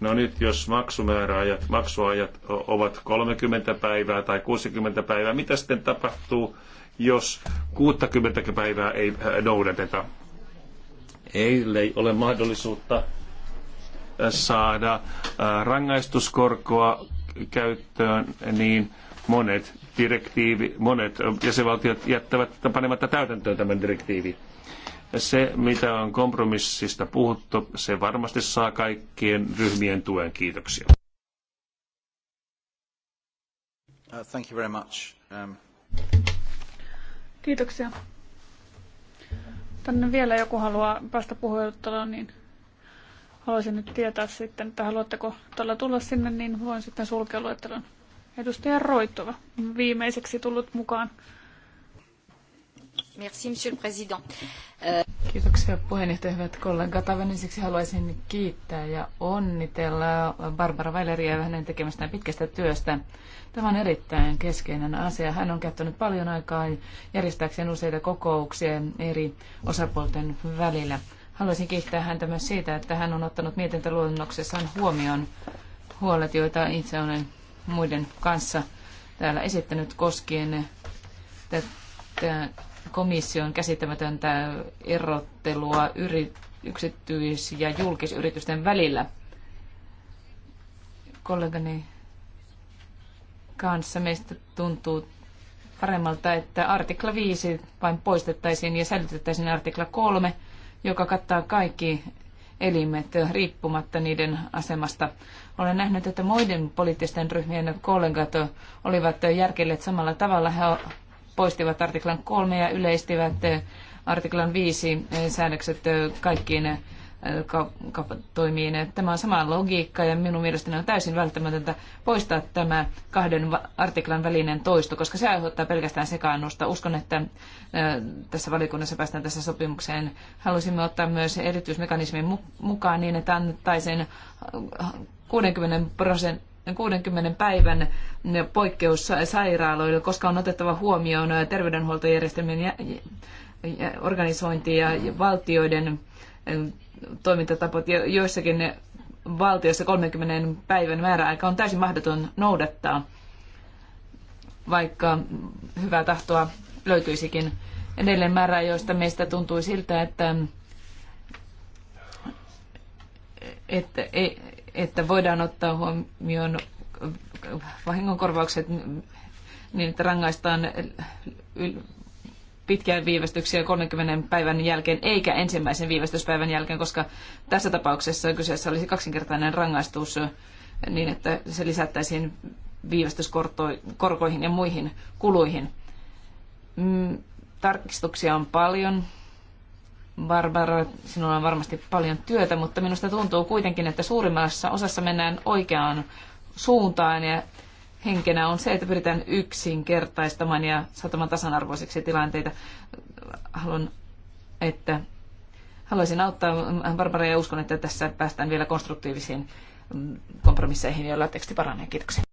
No nyt jos maksumääräajat, maksuajat ovat 30 päivää tai 60 päivää, mitä sitten tapahtuu, jos 60 päivää ei äh, noudateta? Ei ole mahdollisuutta äh, saada äh, rangaistuskorkoa käyttöön, niin monet direktiivi, monet jäsenvaltiot jättävät panematta täytäntöön tämän direktiivi. Se, mitä on kompromissista puhuttu, se varmasti saa kaikkien ryhmien tuen. Kiitoksia. Uh, thank you very much. Um... Kiitoksia. Tänne vielä joku haluaa päästä puheenjohtajalla, niin haluaisin nyt tietää sitten, että haluatteko tällä tulla sinne, niin voin sitten sulkea luettelon. Edustaja Roitova, viimeiseksi tullut mukaan. Merci, monsieur le président. Kiitoksia puheenjohtaja, hyvät kollegat. Aivan ensiksi haluaisin kiittää ja onnitella Barbara Weileria hänen tekemästään pitkästä työstä. Tämä on erittäin keskeinen asia. Hän on käyttänyt paljon aikaa järjestääkseen useita kokouksia eri osapuolten välillä. Haluaisin kiittää häntä myös siitä, että hän on ottanut mietintöluonnoksessaan huomioon huolet, joita itse olen muiden kanssa täällä esittänyt koskien tätä komission käsittämätöntä erottelua yksityis- ja julkisyritysten välillä. Kollegani kanssa meistä tuntuu paremmalta, että artikla 5 vain poistettaisiin ja säilytettäisiin artikla 3, joka kattaa kaikki elimet riippumatta niiden asemasta. Olen nähnyt, että muiden poliittisten ryhmien kollegat olivat järkelleet samalla tavalla. He poistivat artiklan kolme ja yleistivät artiklan viisi säännökset kaikkiin Äh, toimii, niin Tämä on sama logiikka ja minun mielestäni on täysin välttämätöntä poistaa tämä kahden artiklan välinen toisto, koska se aiheuttaa pelkästään sekaannusta. Uskon, että äh, tässä valikunnassa päästään tässä sopimukseen. Halusimme ottaa myös erityismekanismin mukaan niin, että annettaisiin 60 prosenttia 60 päivän poikkeus sairaaloille, koska on otettava huomioon terveydenhuoltojärjestelmien organisointi ja valtioiden ja Joissakin valtioissa 30 päivän määräaika on täysin mahdoton noudattaa, vaikka hyvää tahtoa löytyisikin. Edelleen määrää, joista meistä tuntui siltä, että, että, että voidaan ottaa huomioon vahingonkorvaukset niin, että rangaistaan pitkään viivästyksiä 30 päivän jälkeen eikä ensimmäisen viivästyspäivän jälkeen, koska tässä tapauksessa kyseessä olisi kaksinkertainen rangaistus niin, että se lisättäisiin viivästyskorkoihin ja muihin kuluihin. Mm, tarkistuksia on paljon. Barbara, sinulla on varmasti paljon työtä, mutta minusta tuntuu kuitenkin, että suurimmassa osassa mennään oikeaan suuntaan ja henkenä on se, että pyritään yksinkertaistamaan ja saattamaan tasanarvoiseksi tilanteita. Haluan, että haluaisin auttaa Barbara ja uskon, että tässä päästään vielä konstruktiivisiin kompromisseihin, joilla teksti paranee. Kiitoksia.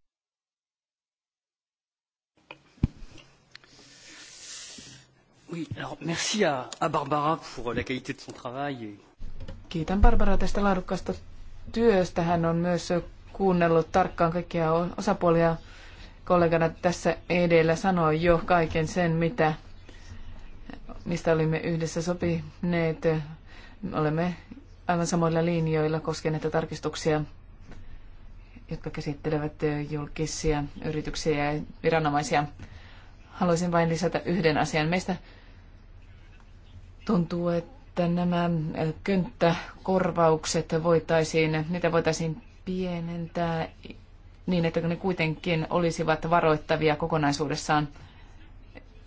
Oui, alors merci à, à Barbara pour la qualité de son travail. Kiitän Barbara tästä laadukkaasta työstä. Hän on myös kuunnellut tarkkaan kaikkia osapuolia. Kollegana tässä edellä sanoi jo kaiken sen, mitä, mistä olimme yhdessä sopineet. Olemme aivan samoilla linjoilla koskien näitä tarkistuksia, jotka käsittelevät julkisia yrityksiä ja viranomaisia. Haluaisin vain lisätä yhden asian. Meistä tuntuu, että nämä könttäkorvaukset voitaisiin, niitä voitaisiin pienentää niin, että ne kuitenkin olisivat varoittavia kokonaisuudessaan.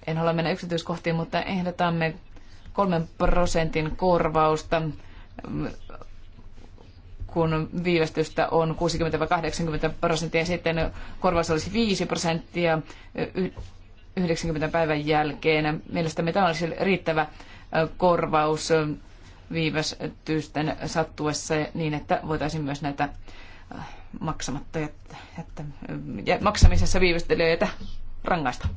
En halua mennä yksityiskohtiin, mutta ehdotamme kolmen prosentin korvausta, kun viivästystä on 60-80 prosenttia, ja sitten korvaus olisi 5 prosenttia 90 päivän jälkeen. Mielestäni tämä olisi riittävä korvaus viivästysten sattuessa niin, että voitaisiin myös näitä maksamatta, että, että maksamisessa viivästelijöitä rangaista.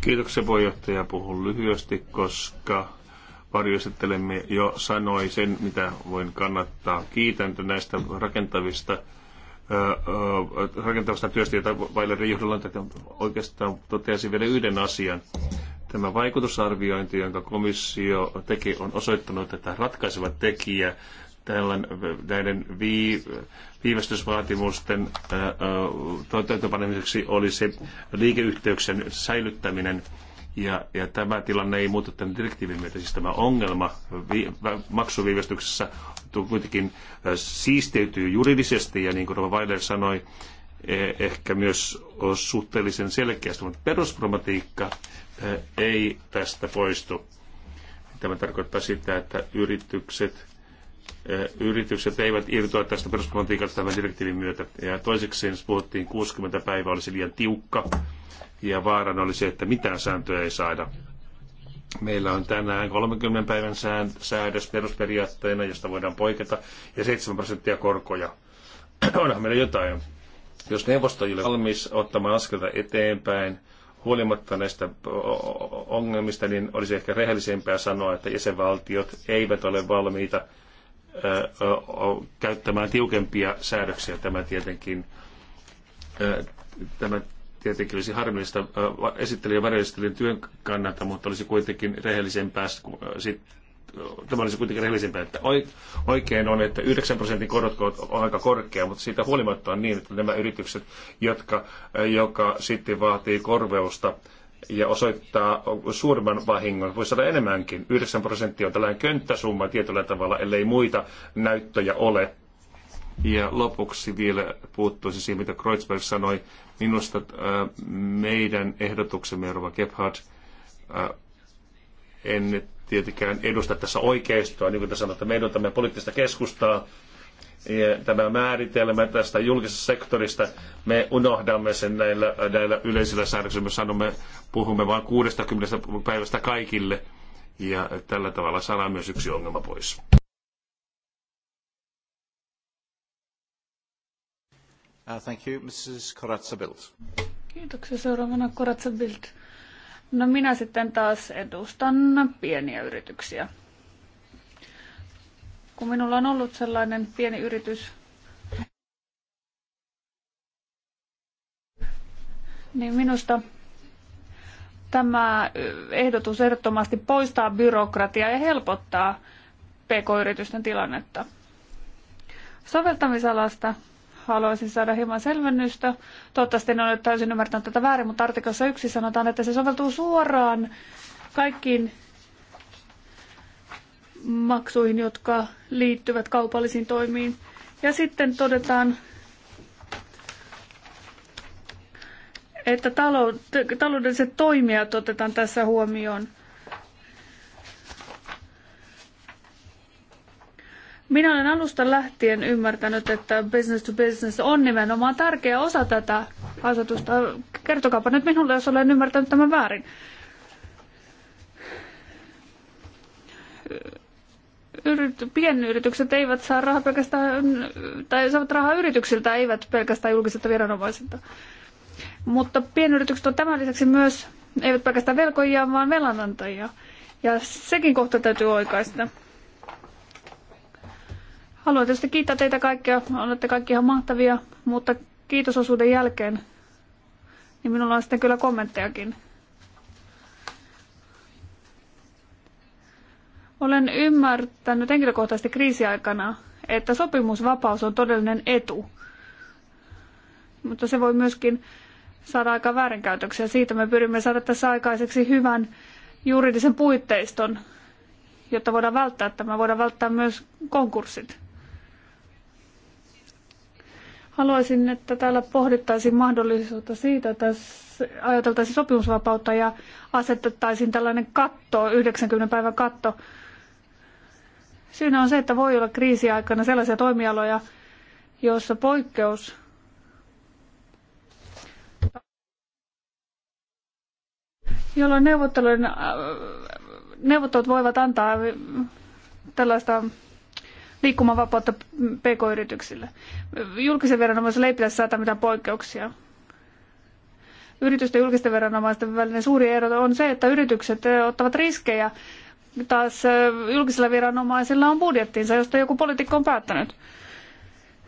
Kiitoksia puheenjohtaja. Puhun lyhyesti, koska varjoesittelemme jo sanoi sen, mitä voin kannattaa. Kiitän näistä rakentavista rakentavasta työstä, jota Vailerin johdolla oikeastaan toteasi vielä yhden asian. Tämä vaikutusarviointi, jonka komissio teki, on osoittanut, että ratkaiseva tekijä Tällän, näiden vii, viivästysvaatimusten toteutupanemiseksi oli se liikeyhteyksen säilyttäminen. Ja, ja tämä tilanne ei muutu tämän direktiivin myötä. Siis tämä ongelma vi, maksuviivästyksessä kuitenkin siisteytyy juridisesti, ja niin kuin Rova Weiler sanoi, e, ehkä myös suhteellisen selkeästi, mutta perusproblematiikka ei tästä poistu. Tämä tarkoittaa sitä, että yritykset yritykset eivät irtoa tästä peruspolitiikasta tämän direktiivin myötä. Ja toiseksi jos puhuttiin 60 päivää olisi liian tiukka ja vaarana oli se, että mitään sääntöä ei saada. Meillä on tänään 30 päivän säädös perusperiaatteena, josta voidaan poiketa, ja 7 prosenttia korkoja. Onhan meillä jotain. Jos neuvosto ei ole valmis ottamaan askelta eteenpäin, huolimatta näistä ongelmista, niin olisi ehkä rehellisempää sanoa, että jäsenvaltiot eivät ole valmiita käyttämään tiukempia säädöksiä. Tämä tietenkin, tämä tietenkin olisi harmillista esittelijä ja varjelistelijän työn kannalta, mutta olisi kuitenkin rehellisempää tämä olisi kuitenkin rehellisempää, että oikein on, että 9 prosentin korot on aika korkea, mutta siitä huolimatta on niin, että nämä yritykset, jotka, joka sitten vaatii korveusta ja osoittaa suurimman vahingon. voisi saada enemmänkin. 9 prosenttia on tällainen könttäsumma tietyllä tavalla, ellei muita näyttöjä ole. Ja lopuksi vielä puuttuisi siihen, mitä Kreuzberg sanoi. Minusta äh, meidän ehdotuksemme, Rova Gebhardt, äh, en tietenkään edusta tässä oikeistoa, niin kuin te sanotte, me edustamme poliittista keskustaa, tämä määritelmä tästä julkisesta sektorista, me unohdamme sen näillä, näillä yleisillä säädöksillä. Me sanomme, puhumme vain 60 päivästä kaikille ja tällä tavalla saadaan myös yksi ongelma pois. Uh, thank you, Mrs. Corazza-Bild. Kiitoksia. Seuraavana Corazza-Bild. No minä sitten taas edustan pieniä yrityksiä kun minulla on ollut sellainen pieni yritys, niin minusta tämä ehdotus ehdottomasti poistaa byrokratiaa ja helpottaa pk-yritysten tilannetta. Soveltamisalasta haluaisin saada hieman selvennystä. Toivottavasti en ole täysin ymmärtänyt tätä väärin, mutta artiklassa yksi sanotaan, että se soveltuu suoraan kaikkiin maksuihin, jotka liittyvät kaupallisiin toimiin. Ja sitten todetaan, että taloudelliset toimijat otetaan tässä huomioon. Minä olen alusta lähtien ymmärtänyt, että business to business on nimenomaan tärkeä osa tätä asetusta. Kertokaapa nyt minulle, jos olen ymmärtänyt tämän väärin. yrit, pienyritykset eivät saa rahaa pelkästään, tai saavat rahaa yrityksiltä, eivät pelkästään julkisilta viranomaisilta. Mutta pienyritykset on tämän lisäksi myös, eivät pelkästään velkojia, vaan velanantajia. Ja sekin kohta täytyy oikaista. Haluan tietysti kiittää teitä kaikkia, olette kaikki ihan mahtavia, mutta kiitososuuden jälkeen, niin minulla on sitten kyllä kommenttejakin. Olen ymmärtänyt henkilökohtaisesti kriisiaikana, että sopimusvapaus on todellinen etu. Mutta se voi myöskin saada aika väärinkäytöksiä. Siitä me pyrimme saada tässä aikaiseksi hyvän juridisen puitteiston, jotta voidaan välttää tämä. Voidaan välttää myös konkurssit. Haluaisin, että täällä pohdittaisiin mahdollisuutta siitä, että ajateltaisiin sopimusvapautta ja asetettaisiin tällainen katto, 90 päivän katto Syynä on se, että voi olla kriisiaikana sellaisia toimialoja, joissa poikkeus jolloin neuvottelujen, äh, neuvottelut voivat antaa tällaista liikkumavapautta pk-yrityksille. Julkisen viranomaisella ei pitäisi saada mitään poikkeuksia. Yritysten ja julkisten viranomaisten välinen suuri ero on se, että yritykset ottavat riskejä taas julkisilla viranomaisilla on budjettinsa, josta joku poliitikko on päättänyt.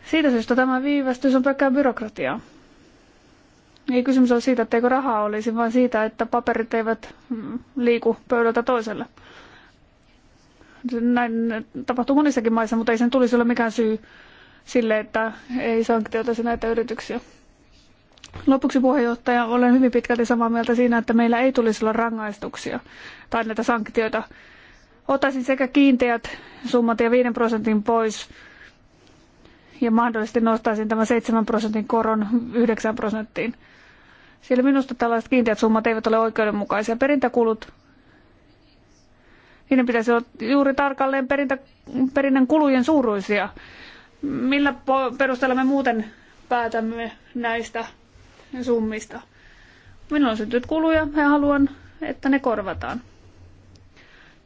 Siitä syystä tämä viivästys on pelkkää byrokratiaa. Ei kysymys ole siitä, etteikö rahaa olisi, vaan siitä, että paperit eivät liiku pöydältä toiselle. Näin tapahtuu monissakin maissa, mutta ei sen tulisi olla mikään syy sille, että ei sanktioitaisi näitä yrityksiä. Lopuksi puheenjohtaja, olen hyvin pitkälti samaa mieltä siinä, että meillä ei tulisi olla rangaistuksia tai näitä sanktioita ottaisin sekä kiinteät summat ja 5 prosentin pois ja mahdollisesti nostaisin tämän 7 prosentin koron 9 prosenttiin. Sillä minusta tällaiset kiinteät summat eivät ole oikeudenmukaisia. Perintäkulut, niiden pitäisi olla juuri tarkalleen perintä, perinnän kulujen suuruisia. Millä perusteella me muuten päätämme näistä summista? Minulla on syntynyt kuluja ja haluan, että ne korvataan.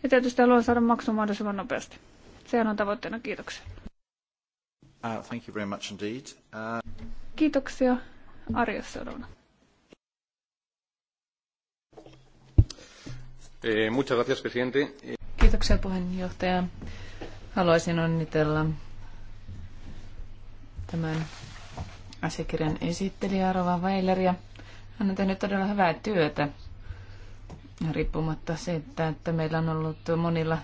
Ja tietysti haluan saada maksun mahdollisimman nopeasti. Sehän on tavoitteena. Kiitoksia. Uh, thank you very much indeed. Uh... Kiitoksia. Arjos seuraavana. Eh, muchas gracias, presidente. Kiitoksia puheenjohtaja. Haluaisin onnitella tämän asiakirjan esittelijä Rova Weileria. Hän on tehnyt todella hyvää työtä riippumatta siitä, että meillä on ollut monilla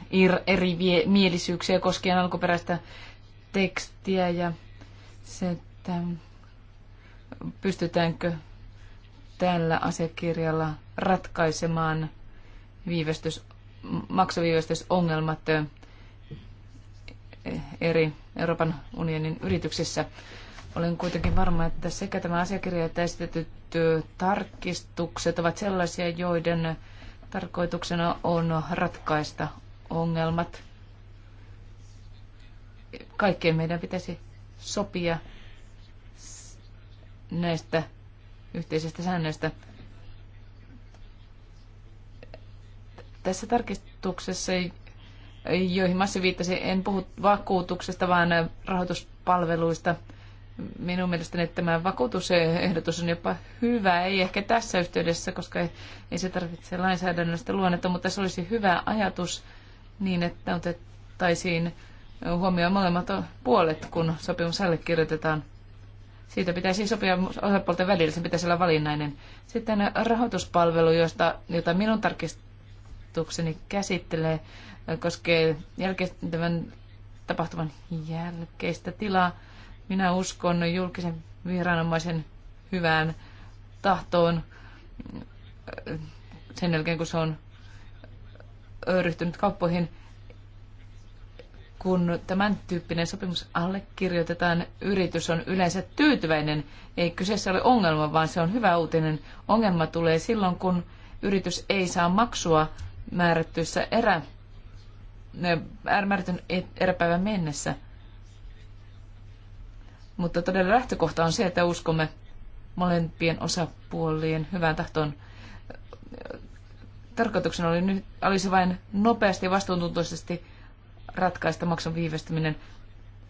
eri mielisyyksiä koskien alkuperäistä tekstiä ja se, että pystytäänkö tällä asiakirjalla ratkaisemaan viivästys, maksuviivästysongelmat eh, eri Euroopan unionin yrityksissä. Olen kuitenkin varma, että sekä tämä asiakirja että esitetyt tarkistukset ovat sellaisia, joiden Tarkoituksena on ratkaista ongelmat. Kaikkeen meidän pitäisi sopia näistä yhteisistä säännöistä. Tässä tarkistuksessa, joihin Massi viittasi, en puhu vakuutuksesta, vaan rahoituspalveluista – Minun mielestäni tämä vakuutusehdotus on jopa hyvä, ei ehkä tässä yhteydessä, koska ei, ei se tarvitse lainsäädännöstä luonnetta, mutta se olisi hyvä ajatus niin, että otettaisiin huomioon molemmat puolet, kun sopimus allekirjoitetaan. Siitä pitäisi sopia osapuolten välillä, se pitäisi olla valinnainen. Sitten rahoituspalvelu, josta, jota minun tarkistukseni käsittelee, koskee jälkeen, tämän tapahtuman jälkeistä tilaa minä uskon julkisen viranomaisen hyvään tahtoon sen jälkeen, kun se on ryhtynyt kauppoihin. Kun tämän tyyppinen sopimus allekirjoitetaan, yritys on yleensä tyytyväinen. Ei kyseessä ole ongelma, vaan se on hyvä uutinen. Ongelma tulee silloin, kun yritys ei saa maksua määrättyissä erä, määrätyn e- eräpäivän mennessä. Mutta todella lähtökohta on se, että uskomme molempien osapuolien hyvään tahtoon. Tarkoituksena oli nyt, olisi vain nopeasti ja vastuuntuntoisesti ratkaista maksun viivästyminen.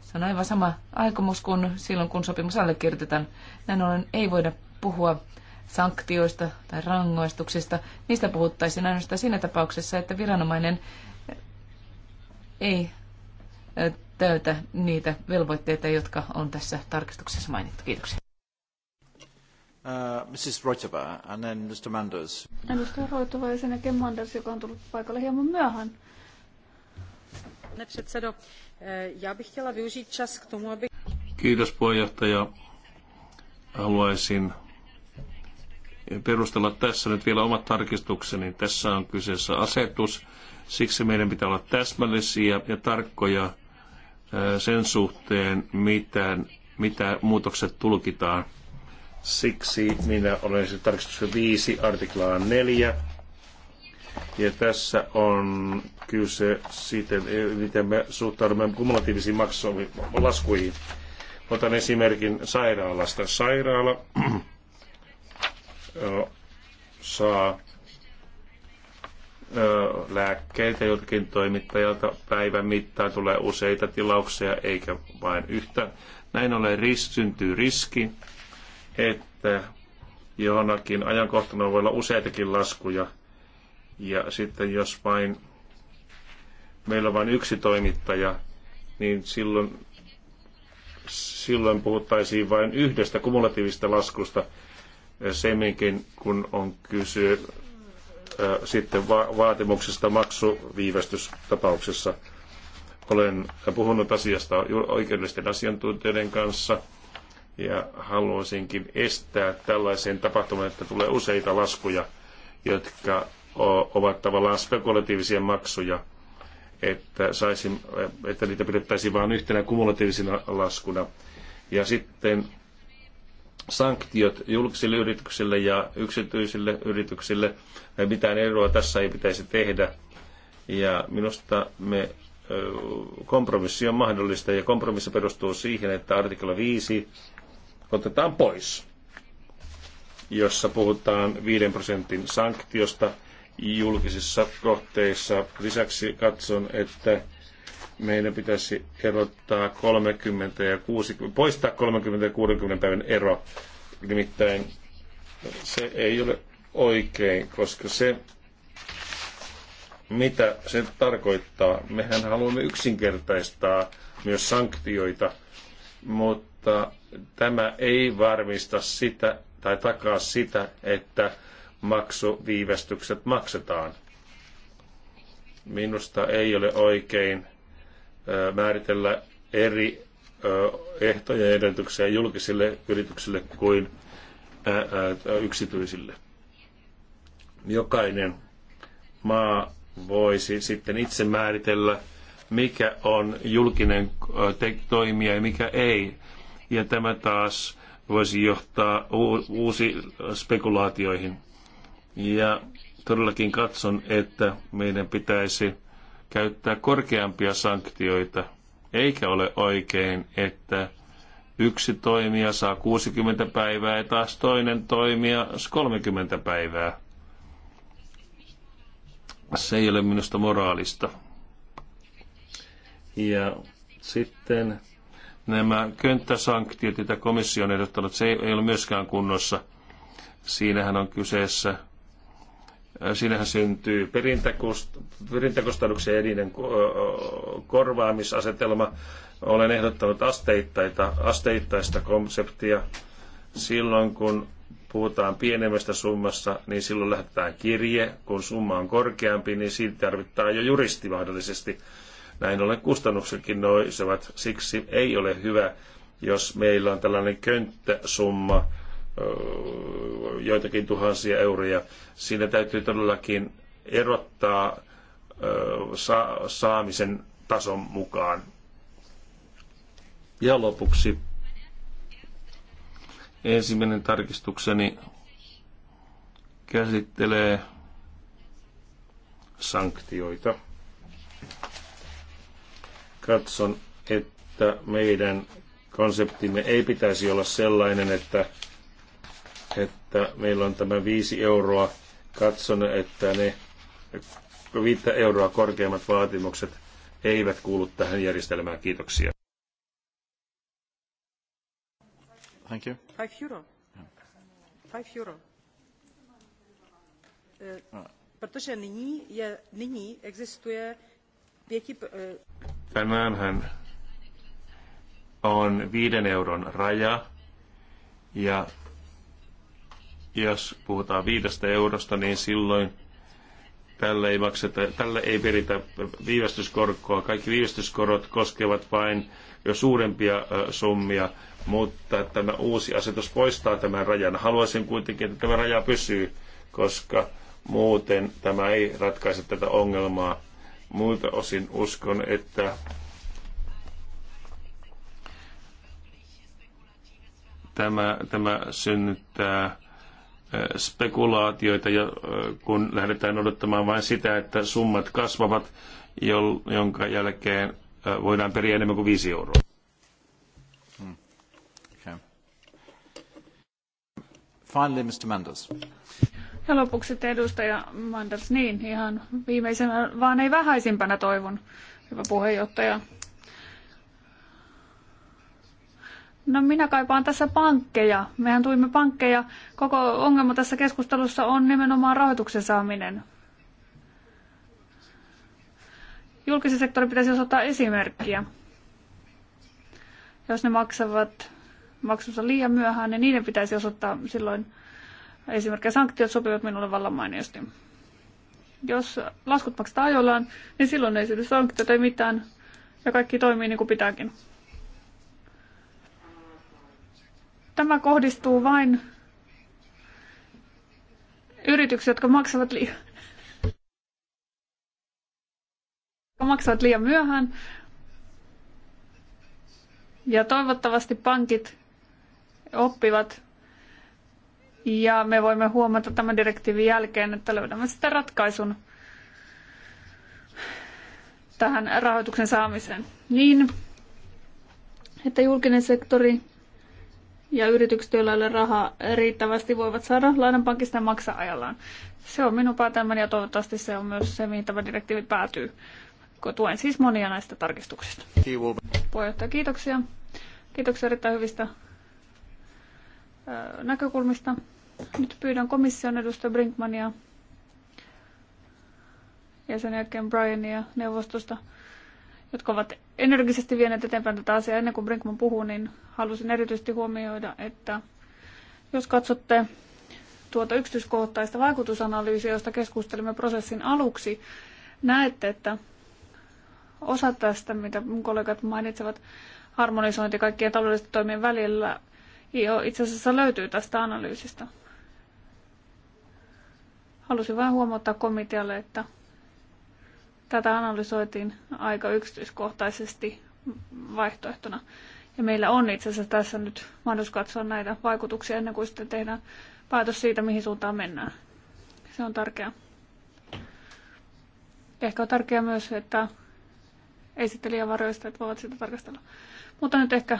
Se on aivan sama aikomus kuin silloin, kun sopimus allekirjoitetaan. Näin ollen ei voida puhua sanktioista tai rangaistuksista. Niistä puhuttaisiin ainoastaan siinä tapauksessa, että viranomainen ei täytä niitä velvoitteita, jotka on tässä tarkistuksessa mainittu. Kiitoksia. Uh, Mrs. Reutova and then Mr. Manders. Edustaja Roitova ja sen jälkeen Manders, joka on tullut paikalle hieman myöhään. Eh, Kiitos puheenjohtaja. Haluaisin perustella tässä nyt vielä omat tarkistukseni. Tässä on kyseessä asetus, siksi meidän pitää olla täsmällisiä ja tarkkoja sen suhteen, miten, mitä muutokset tulkitaan. Siksi minä olen siis tarkistus 5 artiklaan 4. Ja tässä on kyse siitä, miten me suhtaudumme kumulatiivisiin maksuihin, laskuihin. Otan esimerkin sairaalasta. Sairaala saa lääkkeitä joltakin toimittajalta. Päivän mittaan tulee useita tilauksia eikä vain yhtä. Näin ollen ris- syntyy riski, että johonakin ajankohtana voi olla useitakin laskuja. Ja sitten jos vain meillä on vain yksi toimittaja, niin silloin, silloin puhuttaisiin vain yhdestä kumulatiivista laskusta semminkin, kun on kysy sitten va- vaatimuksista maksuviivästystapauksessa. Olen puhunut asiasta oikeudellisten asiantuntijoiden kanssa ja haluaisinkin estää tällaisen tapahtuman, että tulee useita laskuja, jotka ovat tavallaan spekulatiivisia maksuja, että, saisin, että niitä pidettäisiin vain yhtenä kumulatiivisena laskuna. Ja sitten sanktiot julkisille yrityksille ja yksityisille yrityksille. Mitään eroa tässä ei pitäisi tehdä. Ja minusta me kompromissi on mahdollista ja kompromissi perustuu siihen, että artikla 5 otetaan pois, jossa puhutaan 5 prosentin sanktiosta julkisissa kohteissa. Lisäksi katson, että meidän pitäisi erottaa 30 ja 60, poistaa 30 ja 60 päivän ero. Nimittäin se ei ole oikein, koska se, mitä se tarkoittaa, mehän haluamme yksinkertaistaa myös sanktioita, mutta tämä ei varmista sitä tai takaa sitä, että maksuviivästykset maksetaan. Minusta ei ole oikein määritellä eri ehtoja ja edellytyksiä julkisille yrityksille kuin yksityisille. Jokainen maa voisi sitten itse määritellä, mikä on julkinen toimija ja mikä ei. Ja tämä taas voisi johtaa uusi spekulaatioihin. Ja todellakin katson, että meidän pitäisi käyttää korkeampia sanktioita, eikä ole oikein, että yksi toimija saa 60 päivää ja taas toinen toimija 30 päivää. Se ei ole minusta moraalista. Ja sitten nämä könttäsanktiot, joita komissio on ehdottanut, se ei ole myöskään kunnossa. Siinähän on kyseessä Siinähän syntyy perintäkustannuksen edinen korvaamisasetelma. Olen ehdottanut asteittaita, asteittaista konseptia. Silloin kun puhutaan pienemmästä summasta, niin silloin lähetetään kirje. Kun summa on korkeampi, niin siitä tarvittaa jo juristi mahdollisesti. Näin ollen kustannuksetkin noisevat. Siksi ei ole hyvä, jos meillä on tällainen könttäsumma, summa joitakin tuhansia euroja. Siinä täytyy todellakin erottaa saamisen tason mukaan. Ja lopuksi ensimmäinen tarkistukseni käsittelee sanktioita. Katson, että meidän konseptimme ei pitäisi olla sellainen, että että meillä on tämä 5 euroa. Katson, että ne 5 euroa korkeammat vaatimukset eivät kuulu tähän järjestelmään. Kiitoksia. Thank you. Five euro. Five euro. Eh, protože nyní, je, nyní existuje pěti... Eh, Tänäänhän on viiden euron raja ja jos puhutaan viidestä eurosta, niin silloin tälle ei, makseta, tälle ei peritä viivästyskorkoa. Kaikki viivästyskorot koskevat vain jo suurempia summia, mutta tämä uusi asetus poistaa tämän rajan. Haluaisin kuitenkin, että tämä raja pysyy, koska muuten tämä ei ratkaise tätä ongelmaa. Muilta osin uskon, että tämä, tämä synnyttää spekulaatioita, kun lähdetään odottamaan vain sitä, että summat kasvavat, jonka jälkeen voidaan periä enemmän kuin 5 euroa. Hmm. Finally, Mr. Manders. Ja lopuksi sitten edustaja Manders, niin ihan viimeisenä, vaan ei vähäisimpänä toivon, hyvä puheenjohtaja, No minä kaipaan tässä pankkeja. Mehän tuimme pankkeja. Koko ongelma tässä keskustelussa on nimenomaan rahoituksen saaminen. Julkisen sektorin pitäisi osoittaa esimerkkiä. Jos ne maksavat maksunsa liian myöhään, niin niiden pitäisi osoittaa silloin esimerkiksi sanktiot sopivat minulle vallan mainiosti. Jos laskut maksetaan ajoillaan, niin silloin ei synny sanktiota, ei mitään, ja kaikki toimii niin kuin pitääkin. Tämä kohdistuu vain yrityksiin, jotka maksavat liian, maksavat liian myöhään. Ja toivottavasti pankit oppivat ja me voimme huomata tämän direktiivin jälkeen, että löydämme sitten ratkaisun tähän rahoituksen saamiseen. Niin, että julkinen sektori ja yritykset, joilla ei ole rahaa riittävästi, voivat saada lainan pankista maksaa ajallaan. Se on minun päätelmäni ja toivottavasti se on myös se, mihin tämä direktiivi päätyy. Tuen siis monia näistä tarkistuksista. Puheenjohtaja, kiitoksia. Kiitoksia erittäin hyvistä näkökulmista. Nyt pyydän komission edustaja Brinkmania ja sen jälkeen Briania neuvostosta jotka ovat energisesti vieneet eteenpäin tätä asiaa. Ennen kuin Brinkman puhuu, niin halusin erityisesti huomioida, että jos katsotte tuota yksityiskohtaista vaikutusanalyysiä, josta keskustelimme prosessin aluksi, näette, että osa tästä, mitä mun kollegat mainitsevat, harmonisointi kaikkien taloudellisten toimien välillä, jo itse asiassa löytyy tästä analyysistä. Halusin vain huomauttaa komitealle, että Tätä analysoitiin aika yksityiskohtaisesti vaihtoehtona. Ja meillä on itse asiassa tässä nyt mahdollisuus katsoa näitä vaikutuksia ennen kuin sitten tehdään päätös siitä, mihin suuntaan mennään. Se on tärkeää. Ehkä on tärkeää myös, että että voivat sitä tarkastella. Mutta nyt ehkä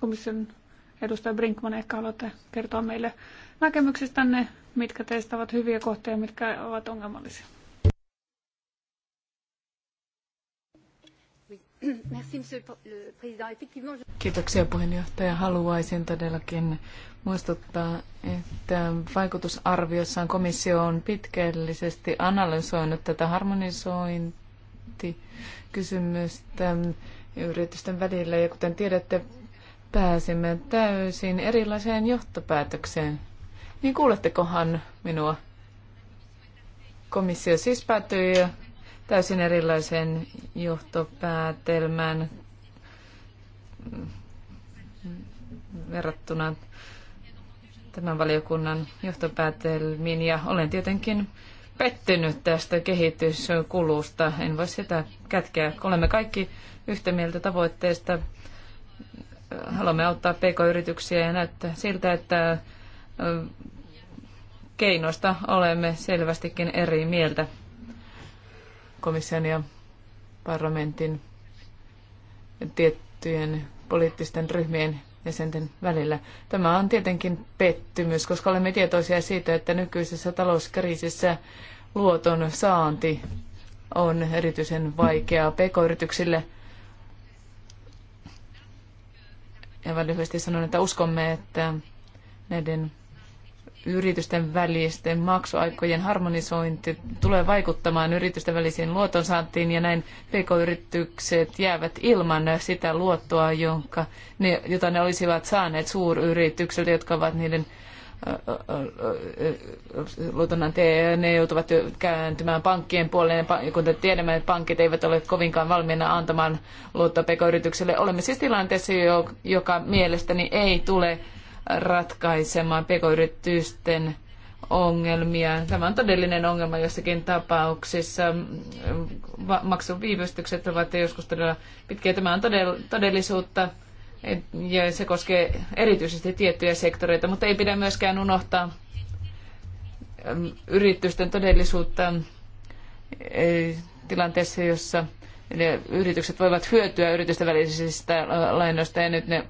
komission edustaja Brinkman ehkä haluatte kertoa meille näkemyksistänne, mitkä teistä ovat hyviä kohteja, ja mitkä ovat ongelmallisia. Kiitoksia puheenjohtaja. Haluaisin todellakin muistuttaa, että vaikutusarviossaan komissio on pitkällisesti analysoinut tätä harmonisointikysymystä yritysten välillä. Ja kuten tiedätte, pääsimme täysin erilaiseen johtopäätökseen. Niin kuulettekohan minua? Komissio siis päätyi täysin erilaisen johtopäätelmän verrattuna tämän valiokunnan johtopäätelmiin ja olen tietenkin pettynyt tästä kehityskulusta. En voi sitä kätkeä. Olemme kaikki yhtä mieltä tavoitteesta. Haluamme auttaa pk-yrityksiä ja näyttää siltä, että keinoista olemme selvästikin eri mieltä komission ja parlamentin tiettyjen poliittisten ryhmien jäsenten välillä. Tämä on tietenkin pettymys, koska olemme tietoisia siitä, että nykyisessä talouskriisissä luoton saanti on erityisen vaikeaa pk-yrityksille. Ja lyhyesti sanon, että uskomme, että näiden yritysten välisten maksuaikojen harmonisointi tulee vaikuttamaan yritysten välisiin luotonsaantiin ja näin pk-yritykset jäävät ilman sitä luottoa, jonka ne, jota ne olisivat saaneet suuryrityksiltä, jotka ovat niiden luotonantajia, ne joutuvat kääntymään pankkien puoleen, kuten tiedämme, että pankit eivät ole kovinkaan valmiina antamaan luottoa pk-yritykselle. Olemme siis tilanteessa, joka mielestäni ei tule ratkaisemaan pk-yritysten ongelmia. Tämä on todellinen ongelma jossakin tapauksissa. Maksun ovat joskus todella pitkiä. Tämä on todellisuutta ja se koskee erityisesti tiettyjä sektoreita, mutta ei pidä myöskään unohtaa yritysten todellisuutta e, tilanteessa, jossa yritykset voivat hyötyä yritysten välisistä lainoista ja nyt ne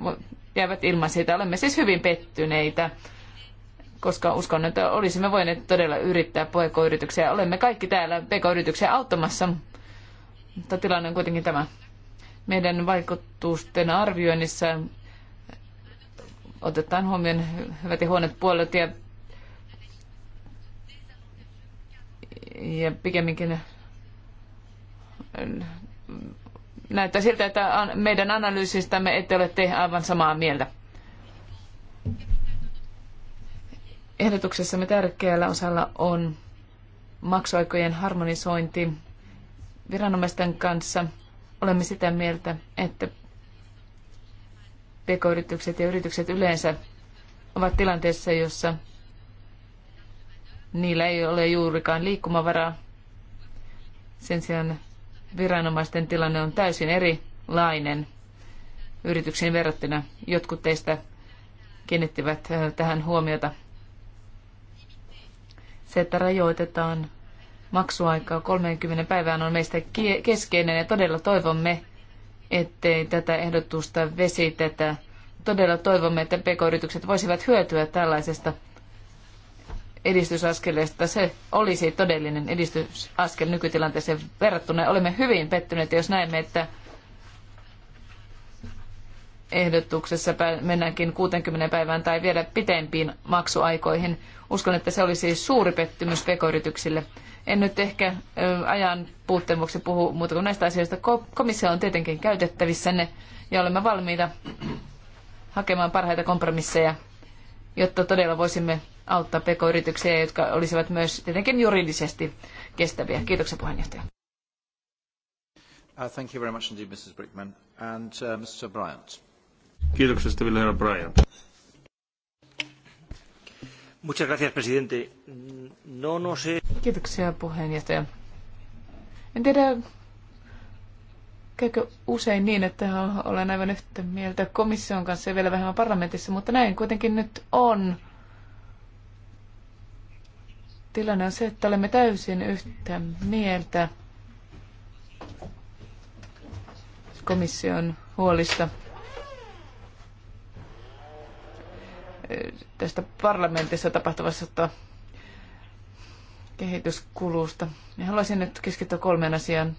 jäävät ilman sitä. Olemme siis hyvin pettyneitä, koska uskon, että olisimme voineet todella yrittää pk-yrityksiä. Olemme kaikki täällä pk-yrityksiä auttamassa, mutta tilanne on kuitenkin tämä. Meidän vaikutusten arvioinnissa otetaan huomioon hyvät ja huonot puolet ja, ja pikemminkin näyttää siltä, että meidän analyysistämme ette ole te aivan samaa mieltä. Ehdotuksessamme tärkeällä osalla on maksuaikojen harmonisointi viranomaisten kanssa. Olemme sitä mieltä, että pk-yritykset ja yritykset yleensä ovat tilanteessa, jossa niillä ei ole juurikaan liikkumavaraa. Sen sijaan viranomaisten tilanne on täysin erilainen yrityksiin verrattuna. Jotkut teistä kiinnittivät tähän huomiota. Se, että rajoitetaan maksuaikaa 30 päivään on meistä keskeinen ja todella toivomme, ettei tätä ehdotusta vesitetä. Todella toivomme, että pk-yritykset voisivat hyötyä tällaisesta edistysaskeleesta. Se olisi todellinen edistysaskel nykytilanteeseen verrattuna. Olemme hyvin pettyneitä, jos näemme, että ehdotuksessa mennäänkin 60 päivään tai vielä pitempiin maksuaikoihin. Uskon, että se olisi suuri pettymys pk-yrityksille. En nyt ehkä ajan puutteen vuoksi puhu muuta kuin näistä asioista. Komissio on tietenkin käytettävissänne ja olemme valmiita hakemaan parhaita kompromisseja jotta todella voisimme auttaa pk-yrityksiä, jotka olisivat myös tietenkin juridisesti kestäviä. Kiitoksia puheenjohtaja. Uh, thank you very much indeed, Mrs. Brickman. And uh, Mr. Bryant. Kiitoksia, sitten herra Bryant. Muchas gracias, presidente. No, no sé. Kiitoksia, puheenjohtaja. En tiedä, Käykö usein niin, että olen aivan yhtä mieltä komission kanssa ja vielä vähemmän parlamentissa, mutta näin kuitenkin nyt on. Tilanne on se, että olemme täysin yhtä mieltä komission huolista tästä parlamentissa tapahtuvasta kehityskulusta. haluaisin nyt keskittyä kolmeen asiaan.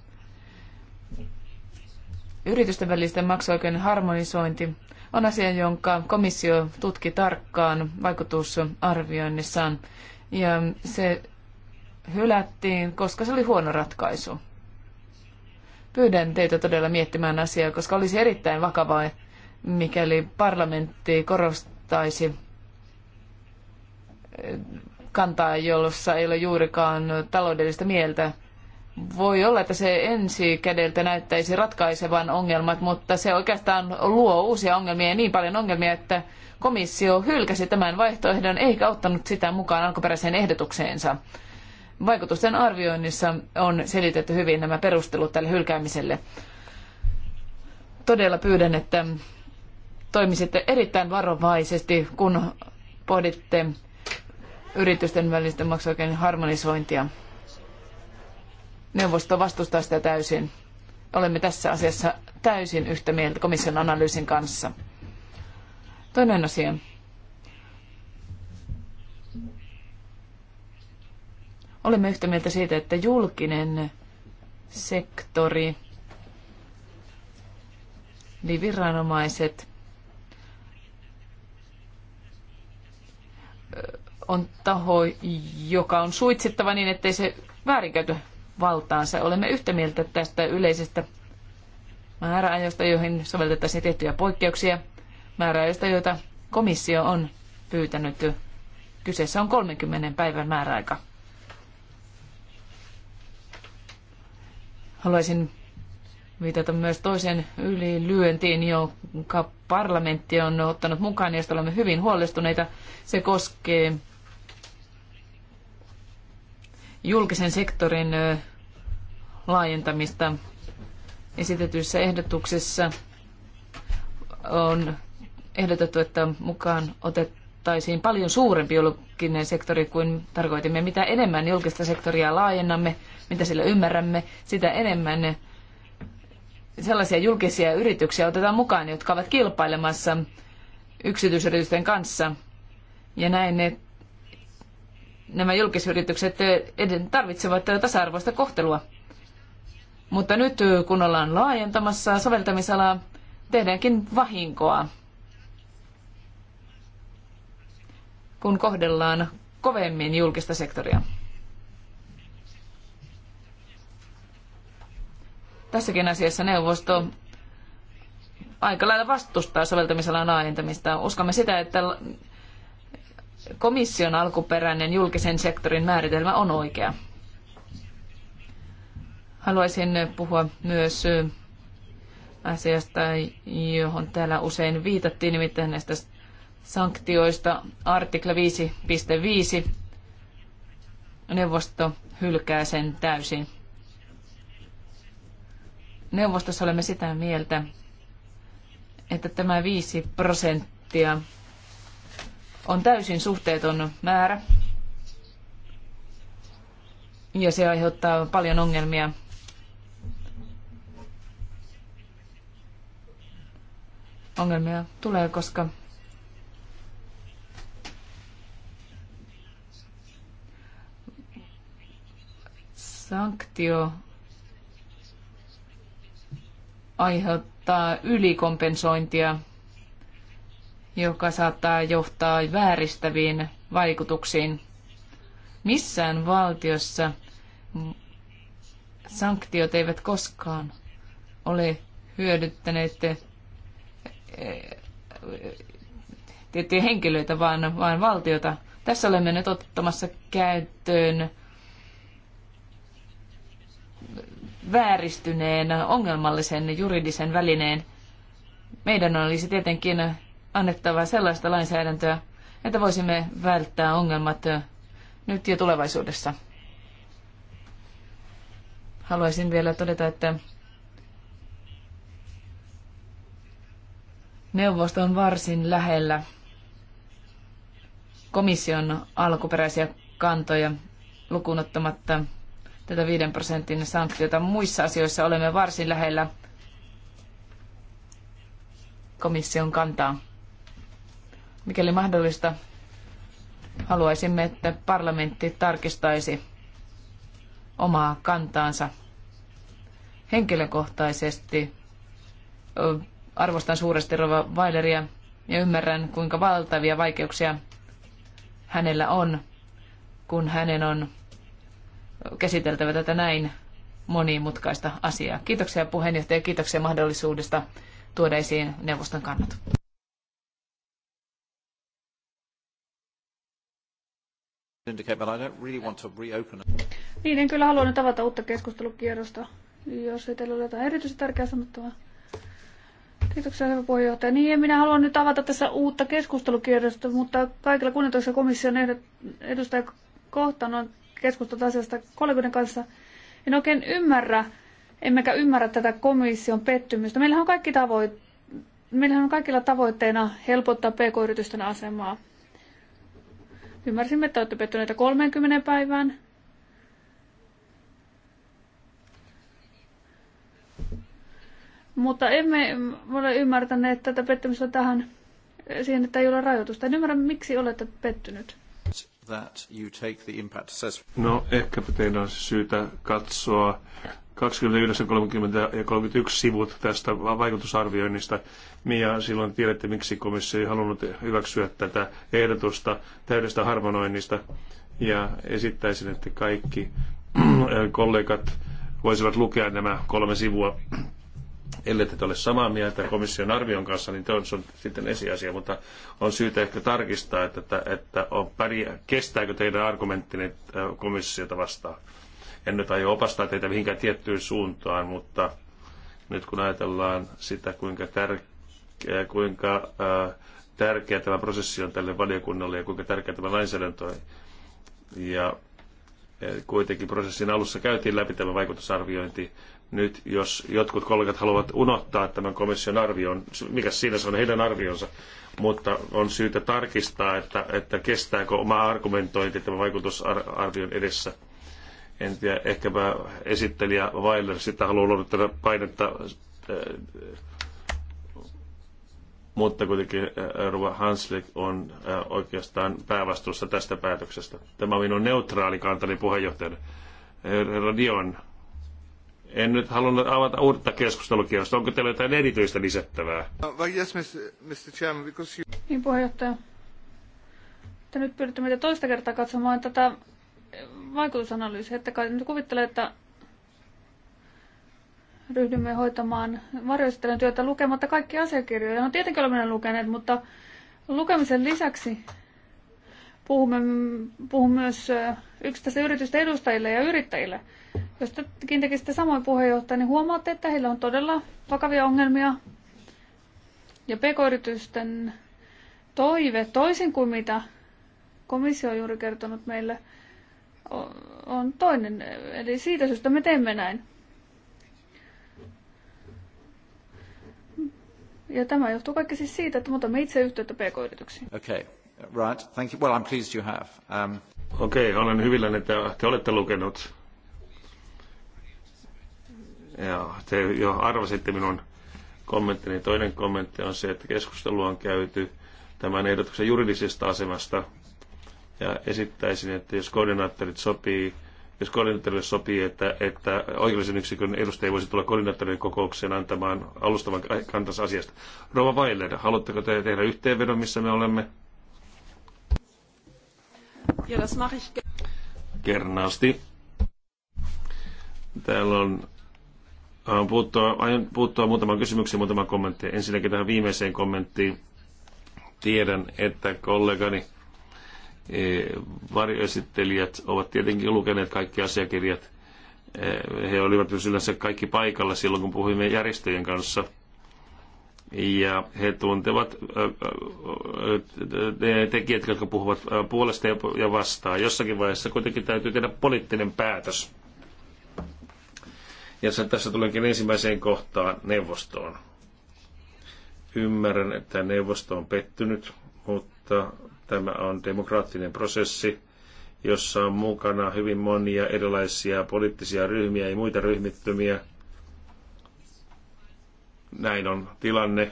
Yritysten välisten maksuoikeuden harmonisointi on asia, jonka komissio tutki tarkkaan vaikutusarvioinnissaan ja se hylättiin, koska se oli huono ratkaisu. Pyydän teitä todella miettimään asiaa, koska olisi erittäin vakavaa, mikäli parlamentti korostaisi kantaa, jossa ei ole juurikaan taloudellista mieltä voi olla, että se ensi kädeltä näyttäisi ratkaisevan ongelmat, mutta se oikeastaan luo uusia ongelmia ja niin paljon ongelmia, että komissio hylkäsi tämän vaihtoehdon eikä ottanut sitä mukaan alkuperäiseen ehdotukseensa. Vaikutusten arvioinnissa on selitetty hyvin nämä perustelut tälle hylkäämiselle. Todella pyydän, että toimisitte erittäin varovaisesti, kun pohditte yritysten välisten maksuoikeuden harmonisointia. Neuvosto vastustaa sitä täysin. Olemme tässä asiassa täysin yhtä mieltä komission analyysin kanssa. Toinen asia. Olemme yhtä mieltä siitä, että julkinen sektori, eli niin viranomaiset, on taho, joka on suitsittava niin, ettei se väärinkäytö valtaansa. Olemme yhtä mieltä tästä yleisestä määräajoista, joihin sovelletaan tiettyjä poikkeuksia, määräajoista, joita komissio on pyytänyt. Kyseessä on 30 päivän määräaika. Haluaisin viitata myös toiseen ylilyöntiin, jonka parlamentti on ottanut mukaan, josta olemme hyvin huolestuneita. Se koskee julkisen sektorin laajentamista esitetyissä ehdotuksissa on ehdotettu, että mukaan otettaisiin paljon suurempi julkinen sektori kuin tarkoitimme. Mitä enemmän julkista sektoria laajennamme, mitä sillä ymmärrämme, sitä enemmän sellaisia julkisia yrityksiä otetaan mukaan, jotka ovat kilpailemassa yksityisyritysten kanssa. Ja näin ne nämä julkisyritykset tarvitsevat tasa-arvoista kohtelua. Mutta nyt kun ollaan laajentamassa soveltamisalaa, tehdäänkin vahinkoa, kun kohdellaan kovemmin julkista sektoria. Tässäkin asiassa neuvosto aika lailla vastustaa soveltamisalan laajentamista. Uskomme sitä, että komission alkuperäinen julkisen sektorin määritelmä on oikea. Haluaisin puhua myös asiasta, johon täällä usein viitattiin, nimittäin näistä sanktioista. Artikla 5.5. Neuvosto hylkää sen täysin. Neuvostossa olemme sitä mieltä, että tämä 5 prosenttia on täysin suhteeton määrä ja se aiheuttaa paljon ongelmia. Ongelmia tulee, koska sanktio aiheuttaa ylikompensointia joka saattaa johtaa vääristäviin vaikutuksiin. Missään valtiossa sanktiot eivät koskaan ole hyödyttäneet eh, tiettyjä henkilöitä, vaan, vaan valtiota. Tässä olemme nyt ottamassa käyttöön vääristyneen, ongelmallisen juridisen välineen. Meidän olisi tietenkin annettava sellaista lainsäädäntöä, että voisimme välttää ongelmat nyt ja tulevaisuudessa. Haluaisin vielä todeta, että neuvosto on varsin lähellä komission alkuperäisiä kantoja lukunottamatta tätä 5 prosentin sanktiota. Muissa asioissa olemme varsin lähellä komission kantaa mikäli mahdollista, haluaisimme, että parlamentti tarkistaisi omaa kantaansa henkilökohtaisesti. Arvostan suuresti Rova Weileria ja ymmärrän, kuinka valtavia vaikeuksia hänellä on, kun hänen on käsiteltävä tätä näin monimutkaista asiaa. Kiitoksia puheenjohtaja ja kiitoksia mahdollisuudesta tuoda esiin neuvoston kannat. Niin, en kyllä halua nyt avata uutta keskustelukierrosta, jos ei teillä ole jotain erityisen tärkeää sanottavaa. Kiitoksia, hyvä puheenjohtaja. Niin, en minä haluan nyt avata tässä uutta keskustelukierrosta, mutta kaikilla kunnioituksella komission edustaja kohtaan on keskustelut asiasta kollegoiden kanssa. En oikein ymmärrä, emmekä ymmärrä tätä komission pettymystä. Meillähän on, kaikki tavoit- Meillähän on kaikilla tavoitteena helpottaa pk-yritysten asemaa. Ymmärsimme, että olette pettyneitä 30 päivään. Mutta emme ole ymmärtäneet tätä pettymystä tähän siihen, että ei ole rajoitusta. En ymmärrä, miksi olette pettynyt. No, ehkä teidän on syytä katsoa 29, 30 ja 31 sivut tästä vaikutusarvioinnista, ja silloin tiedätte, miksi komissio ei halunnut hyväksyä tätä ehdotusta täydestä harmonoinnista, ja esittäisin, että kaikki kollegat voisivat lukea nämä kolme sivua ellei te ole samaa mieltä komission arvion kanssa, niin se on sitten esiasia, mutta on syytä ehkä tarkistaa, että, että, että on pärjää, kestääkö teidän argumenttinne äh, komissiota vastaan. En nyt aio opastaa teitä mihinkään tiettyyn suuntaan, mutta nyt kun ajatellaan sitä, kuinka, tärkeä, kuinka ää, tärkeä tämä prosessi on tälle valiokunnalle ja kuinka tärkeä tämä lainsäädäntö on. Ja kuitenkin prosessin alussa käytiin läpi tämä vaikutusarviointi. Nyt jos jotkut kollegat haluavat unohtaa tämän komission arvion, mikä siinä se on heidän arvionsa, mutta on syytä tarkistaa, että, että kestääkö oma argumentointi tämän vaikutusarvion edessä. En tiedä, ehkä mä esittelijä Weiler sitä haluaa luoda painetta, äh, mutta kuitenkin äh, Ruva Hanslik on äh, oikeastaan päävastuussa tästä päätöksestä. Tämä on minun neutraali kantani puheenjohtajana. Herra Dion, en nyt halunnut avata uutta keskustelukierrosta. Onko teillä jotain erityistä lisättävää? Uh, niin puheenjohtaja. Te nyt pyydätte meitä toista kertaa katsomaan tätä vaikutusanalyysi. Että kuvittele, että ryhdymme hoitamaan varjoistelun työtä lukematta kaikki asiakirjoja. No tietenkin olemme lukeneet, mutta lukemisen lisäksi puhumme, puhun myös yksittäisten yritysten edustajille ja yrittäjille. Jos tekin tekisitte samoin puheenjohtaja, niin huomaatte, että heillä on todella vakavia ongelmia. Ja pk-yritysten toive, toisin kuin mitä komissio on juuri kertonut meille – on toinen. Eli siitä syystä me teemme näin. Ja tämä johtuu kaikki siis siitä, että me itse yhteyttä pk-yrityksiin. Okay. Right. Thank you. Well, I'm pleased you have. Um... Okei, okay, olen hyvilläni, että te olette lukenut. Ja te jo arvasitte minun kommenttini. Toinen kommentti on se, että keskustelu on käyty tämän ehdotuksen juridisesta asemasta – ja esittäisin, että jos koordinaattorit sopii, jos koordinaattorille sopii, että, että oikeudellisen yksikön edustaja voisi tulla koordinaattorin kokoukseen antamaan alustavan kantansa asiasta. Rova Weiler, haluatteko te tehdä yhteenvedon, missä me olemme? Ja das mache ich. Kernaasti. Täällä on aion äh, puuttua, aion puuttua muutamaan kysymykseen, muutamaan kommenttiin. Ensinnäkin tähän viimeiseen kommenttiin. Tiedän, että kollegani E, varjoesittelijät ovat tietenkin lukeneet kaikki asiakirjat. E, he olivat myös yleensä kaikki paikalla silloin, kun puhuimme järjestöjen kanssa. Ja he tuntevat ne tekijät, jotka puhuvat puolesta ja vastaan. Jossakin vaiheessa kuitenkin täytyy tehdä poliittinen päätös. Ja tässä tulenkin ensimmäiseen kohtaan neuvostoon. Ymmärrän, että neuvosto on pettynyt, mutta mutta tämä on demokraattinen prosessi, jossa on mukana hyvin monia erilaisia poliittisia ryhmiä ja muita ryhmittymiä. Näin on tilanne.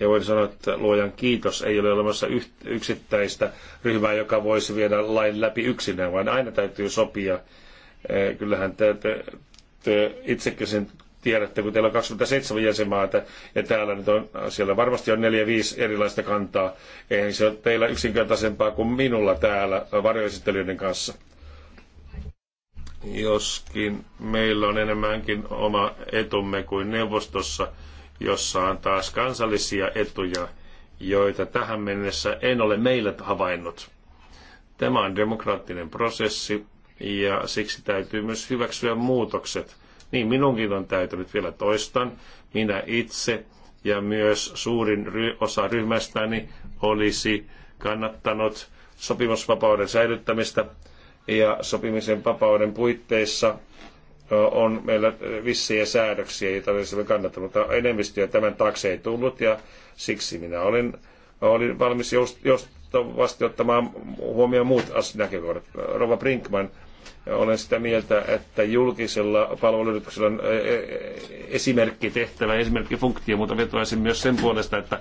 Ja voin sanoa, että luojan kiitos ei ole olemassa yksittäistä ryhmää, joka voisi viedä lain läpi yksinään, vaan aina täytyy sopia. Eh, kyllähän te, te, te itsekin sen tiedätte, kun teillä on 27 jäsenmaata ja täällä nyt on, siellä varmasti on 4-5 erilaista kantaa. Eihän se ole teillä yksinkertaisempaa kuin minulla täällä varjoesittelijöiden kanssa. Joskin meillä on enemmänkin oma etumme kuin neuvostossa, jossa on taas kansallisia etuja, joita tähän mennessä en ole meillä havainnut. Tämä on demokraattinen prosessi ja siksi täytyy myös hyväksyä muutokset – niin minunkin on täytynyt vielä toistan. Minä itse ja myös suurin osa ryhmästäni olisi kannattanut sopimusvapauden säilyttämistä ja sopimisen vapauden puitteissa on meillä vissiä säädöksiä, joita olisimme kannattanut. Enemmistöä tämän taakse ei tullut ja siksi minä olin, olin valmis joustavasti ottamaan huomioon muut näkökohdat. Rova Brinkman olen sitä mieltä, että julkisella palveluyrityksellä on esimerkki funktio, mutta vetoaisin myös sen puolesta, että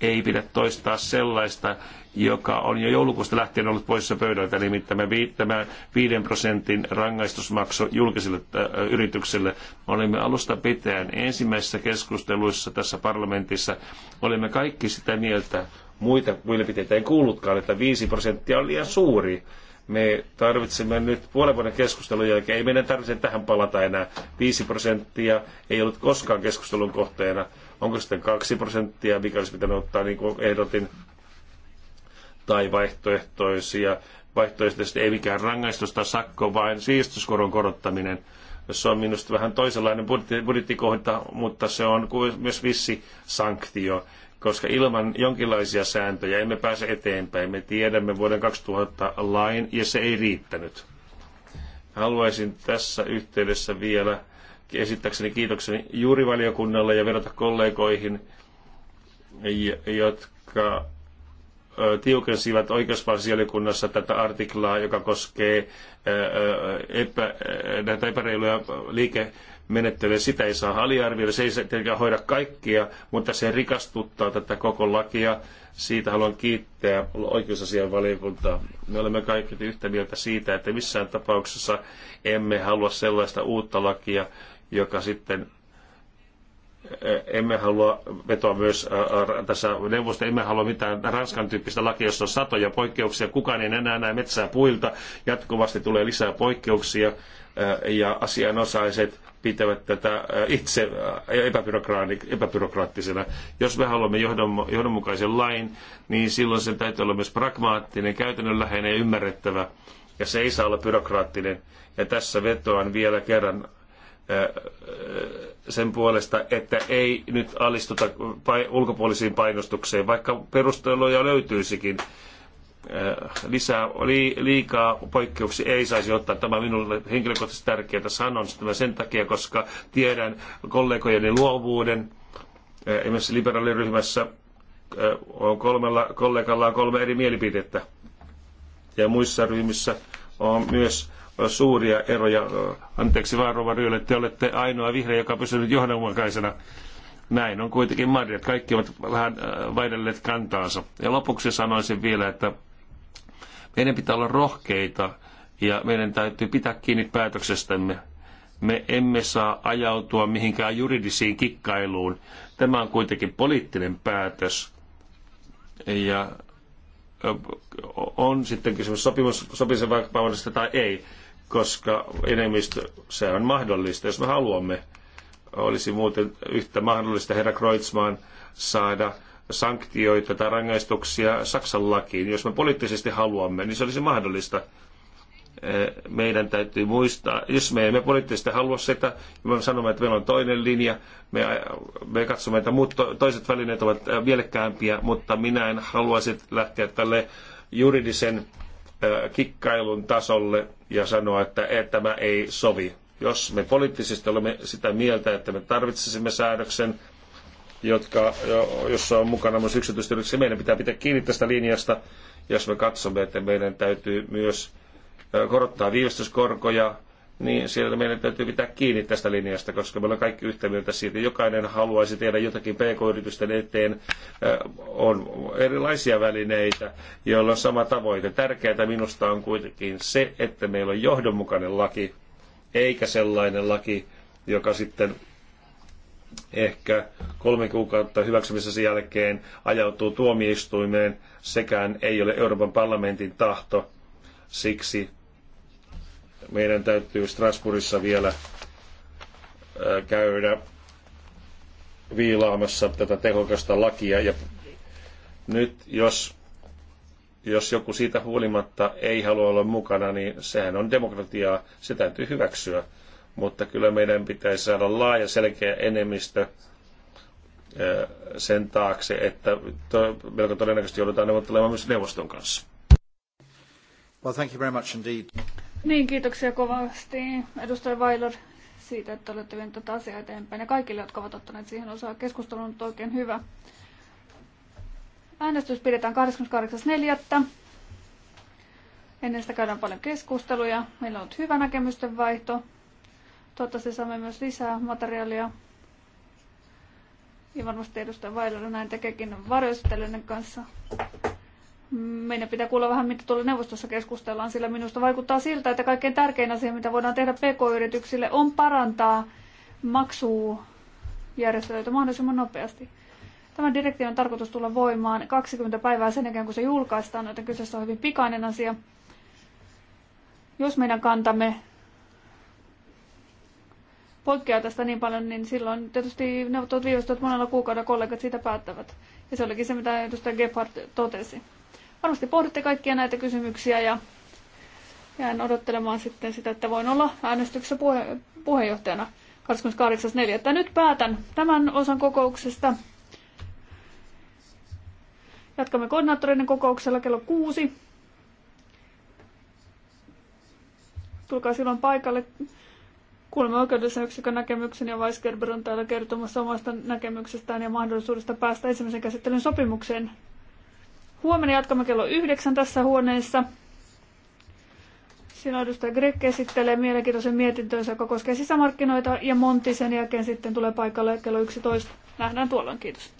ei pidä toistaa sellaista, joka on jo joulukuusta lähtien ollut poissa pöydältä, nimittäin tämä 5 prosentin rangaistusmaksu julkisille yrityksille. Olimme alusta pitäen ensimmäisissä keskusteluissa tässä parlamentissa, olimme kaikki sitä mieltä, muita mielipiteitä ei kuullutkaan, että 5 prosenttia on liian suuri me tarvitsemme nyt puolen vuoden keskustelun jälkeen, ei meidän tarvitse tähän palata enää. 5 prosenttia ei ollut koskaan keskustelun kohteena. Onko sitten 2 prosenttia, mikä olisi pitänyt ottaa, niin kuin ehdotin, tai vaihtoehtoisia. Vaihtoehtoisesti ei mikään rangaistus tai sakko, vaan siistyskoron korottaminen se on minusta vähän toisenlainen budjettikohta, mutta se on myös vissi sanktio koska ilman jonkinlaisia sääntöjä emme pääse eteenpäin. Me tiedämme vuoden 2000 lain ja se ei riittänyt. Haluaisin tässä yhteydessä vielä esittääkseni kiitokseni juurivaliokunnalle ja vedota kollegoihin, jotka tiukensivat oikeusvaltiokunnassa tätä artiklaa, joka koskee epä, näitä epäreiluja liike, menettelyä. Sitä ei saa aliarvioida, se ei tietenkään hoida kaikkia, mutta se rikastuttaa tätä koko lakia. Siitä haluan kiittää oikeusasian valiokuntaa. Me olemme kaikki yhtä mieltä siitä, että missään tapauksessa emme halua sellaista uutta lakia, joka sitten eh, emme halua vetoa myös eh, tässä neuvosta, emme halua mitään Ranskan tyyppistä lakia, jossa on satoja poikkeuksia. Kukaan ei enää näe metsää puilta. Jatkuvasti tulee lisää poikkeuksia eh, ja asianosaiset pitävät tätä äh, itse äh, epäbyrokraattisena. Jos me haluamme johdonmukaisen lain, niin silloin sen täytyy olla myös pragmaattinen, käytännönläheinen ja ymmärrettävä. Ja se ei saa olla byrokraattinen. Ja tässä vetoan vielä kerran äh, sen puolesta, että ei nyt alistuta ulkopuolisiin painostukseen, vaikka perusteluja löytyisikin Äh, lisää, li, liikaa poikkeuksia ei saisi ottaa. Tämä on minulle henkilökohtaisesti tärkeää. Sanon sitä sen takia, koska tiedän kollegojeni luovuuden äh, esimerkiksi liberaaliryhmässä äh, on kolmella kollegalla on kolme eri mielipidettä. Ja muissa ryhmissä on myös suuria eroja. Anteeksi vaan, Rova Ryölle, te olette ainoa vihreä, joka on pysynyt johdonmukaisena. Näin on kuitenkin Marjat. Kaikki ovat vähän vaihdelleet kantaansa. Ja lopuksi sanoisin vielä, että meidän pitää olla rohkeita ja meidän täytyy pitää kiinni päätöksestämme. Me emme saa ajautua mihinkään juridisiin kikkailuun. Tämä on kuitenkin poliittinen päätös. Ja on sitten kysymys sopimus, sopimisen vapaudesta tai ei, koska enemmistö, se on mahdollista, jos me haluamme. Olisi muuten yhtä mahdollista herra Kreutzmann saada sanktioita tai rangaistuksia Saksan lakiin. Jos me poliittisesti haluamme, niin se olisi mahdollista. Eh, meidän täytyy muistaa, jos me emme poliittisesti halua sitä, niin me sanomme, että meillä on toinen linja, me, eh, me katsomme, että muut, toiset välineet ovat eh, mielekkäämpiä, mutta minä en haluaisi lähteä tälle juridisen kikkailun tasolle ja sanoa, että tämä ei sovi. Jos me poliittisesti olemme sitä mieltä, että me tarvitsisimme säädöksen, jotka, jossa on mukana myös yksityistä Meidän pitää pitää kiinni tästä linjasta, jos me katsomme, että meidän täytyy myös korottaa viivästyskorkoja, niin siellä meidän täytyy pitää kiinni tästä linjasta, koska me ollaan kaikki yhtä mieltä siitä. Jokainen haluaisi tehdä jotakin pk-yritysten eteen. On erilaisia välineitä, joilla on sama tavoite. Tärkeää minusta on kuitenkin se, että meillä on johdonmukainen laki, eikä sellainen laki, joka sitten ehkä kolme kuukautta hyväksymisessä jälkeen ajautuu tuomioistuimeen. Sekään ei ole Euroopan parlamentin tahto. Siksi meidän täytyy Strasbourgissa vielä käydä viilaamassa tätä tehokasta lakia. Ja nyt jos, jos joku siitä huolimatta ei halua olla mukana, niin sehän on demokratiaa. Se täytyy hyväksyä mutta kyllä meidän pitäisi saada laaja selkeä enemmistö sen taakse, että to, melko todennäköisesti joudutaan neuvottelemaan myös neuvoston kanssa. Well, thank you very much indeed. Niin, kiitoksia kovasti edustaja Weiler siitä, että olette vienyt tätä asiaa eteenpäin. Ja kaikille, jotka ovat ottaneet siihen osaa, keskustelu on oikein hyvä. Äänestys pidetään 28.4. Ennen sitä käydään paljon keskusteluja. Meillä on ollut hyvä näkemysten vaihto. Toivottavasti saamme myös lisää materiaalia. Ja varmasti edustaja Vailari näin tekeekin varjoistelijoiden kanssa. Meidän pitää kuulla vähän, mitä tuolla neuvostossa keskustellaan, sillä minusta vaikuttaa siltä, että kaikkein tärkein asia, mitä voidaan tehdä pk-yrityksille, on parantaa maksujärjestelyitä mahdollisimman nopeasti. Tämän direktiivin on tarkoitus tulla voimaan 20 päivää sen jälkeen, kun se julkaistaan, joten kyseessä on hyvin pikainen asia. Jos meidän kantamme poikkeaa tästä niin paljon, niin silloin tietysti neuvottelut viivästyvät monella kuukaudella kollegat siitä päättävät. Ja se olikin se, mitä edustaja Gebhardt totesi. Varmasti pohditte kaikkia näitä kysymyksiä ja jään odottelemaan sitten sitä, että voin olla äänestyksessä puhe- puheenjohtajana 28.4. Nyt päätän tämän osan kokouksesta. Jatkamme koordinaattoreiden kokouksella kello kuusi. Tulkaa silloin paikalle. Kuulemme oikeudessa yksikön näkemyksen ja Weisgerber on täällä kertomassa omasta näkemyksestään ja mahdollisuudesta päästä ensimmäisen käsittelyn sopimukseen. Huomenna jatkamme kello yhdeksän tässä huoneessa. Siinä edustaja Grek esittelee mielenkiintoisen mietintönsä, joka koskee sisämarkkinoita ja Montti sen jälkeen sitten tulee paikalle kello 11. Nähdään tuolloin, kiitos.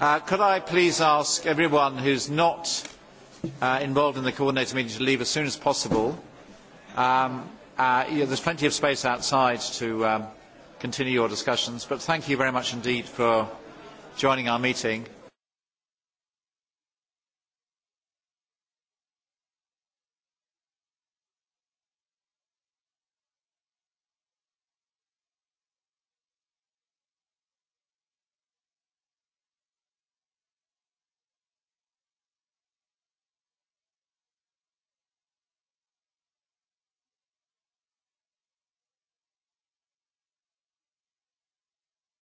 Uh, could I please ask everyone who is not uh, involved in the coordinator meeting to leave as soon as possible? Um, uh, yeah, there's plenty of space outside to um, continue your discussions, but thank you very much indeed for joining our meeting.